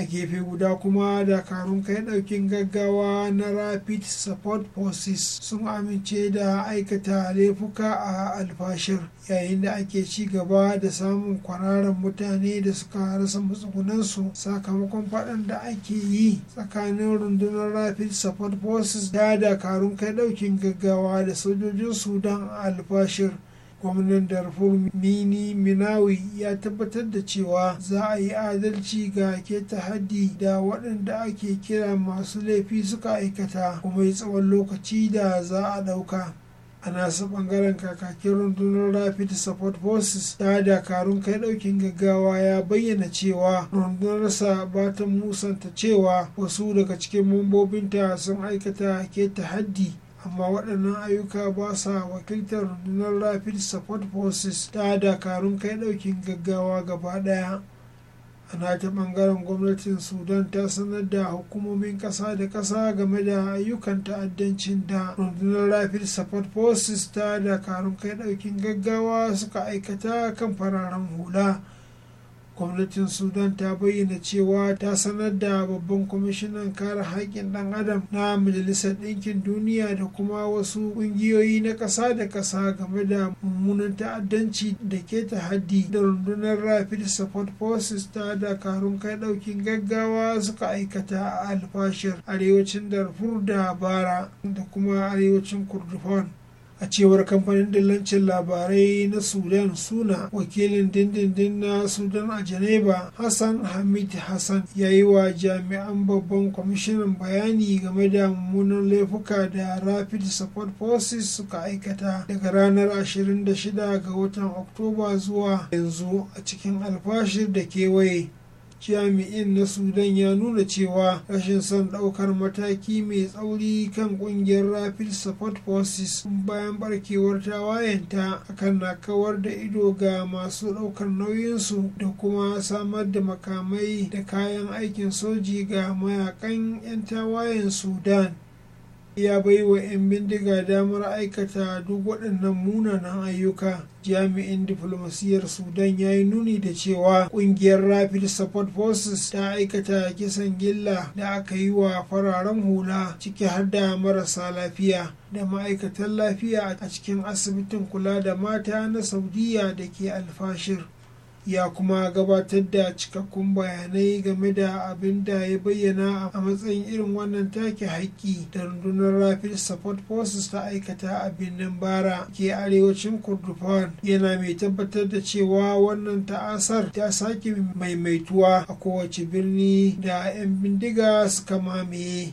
a gefe guda kuma dakarun kai daukin gaggawa na rapid support forces sun amince da aikata laifuka a alfashir yayin da ake ci gaba da samun kwararan mutane da suka rasa matsugunansu sakamakon faɗan da ake yi tsakanin rundunar rapid support forces da dakarun kai daukin gaggawa da sojojin sudan alfashir gwamnan darfur mini minawi ya tabbatar da cewa za a yi adalci ga keta haddi da waɗanda ake kira masu laifi suka aikata kuma yi tsawon lokaci da za a ɗauka a nasu ɓangaren kakakin rundunar rapid support forces ta dakarun kai ɗaukin gaggawa ya bayyana cewa rundunarsa ba ta musanta cewa wasu daga cikin mambobinta sun aikata ke haddi. amma waɗannan ayyuka ba sa wakiltar rundunar rapid support forces ta dakarun kai ɗaukin gaggawa gaba ɗaya a nata ɓangaren gwamnatin sudan ta sanar da hukumomin ƙasa da ƙasa game da ayyukan ta'addancin da rundunar rapid support forces ta dakarun kai ɗaukin gaggawa suka aikata kan fararen hula. gwamnatin sudan ta bayyana cewa ta sanar da babban kwamishinan kare haƙƙin ɗan adam na majalisar ɗinkin duniya da kuma wasu ƙungiyoyi na ƙasa da ƙasa game da mummunan ta'addanci da ke ta haddi da rundunar rapid support forces ta dakarun kai ɗaukin gaggawa suka aikata a alfashir arewacin darfur da bara da kuma arewacin kurdufan a cewar kamfanin dillancin labarai na sudan suna wakilin dindindin na sudan a geneva hassan hamid hassan ya yi wa jami'an babban kwamishinan bayani game da mummunan laifuka da rapid support forces suka aikata daga ranar 26 ga watan oktoba zuwa yanzu a cikin alfashir da kewaye jami'in na sudan ya nuna cewa rashin son daukar mataki mai tsauri kan kungiyar rapid support forces bayan barkewar tawayenta akan na kawar da ido ga masu daukar nauyinsu da kuma samar da makamai da kayan aikin soji ga mayakan 'yan tawayen sudan ya bai wa 'yan bindiga damar aikata duk waɗannan munanan ayyuka jami'in diflomasiyyar sudan ya yi nuni da cewa ƙungiyar rapid support forces ta aikata kisan gilla da aka yi wa fararen hula ciki har da marasa lafiya da ma'aikatan lafiya a cikin asibitin kula da mata na saudiya da ke alfashir ya kuma gabatar da cikakkun bayanai game da abin da ya bayyana a matsayin irin wannan take haƙƙi da rundunar rapid support forces ta aikata a birnin bara ke arewacin kurdufan yana mai tabbatar da cewa wannan ta'asar ta sake maimaituwa a kowace birni da 'yan bindiga suka mamaye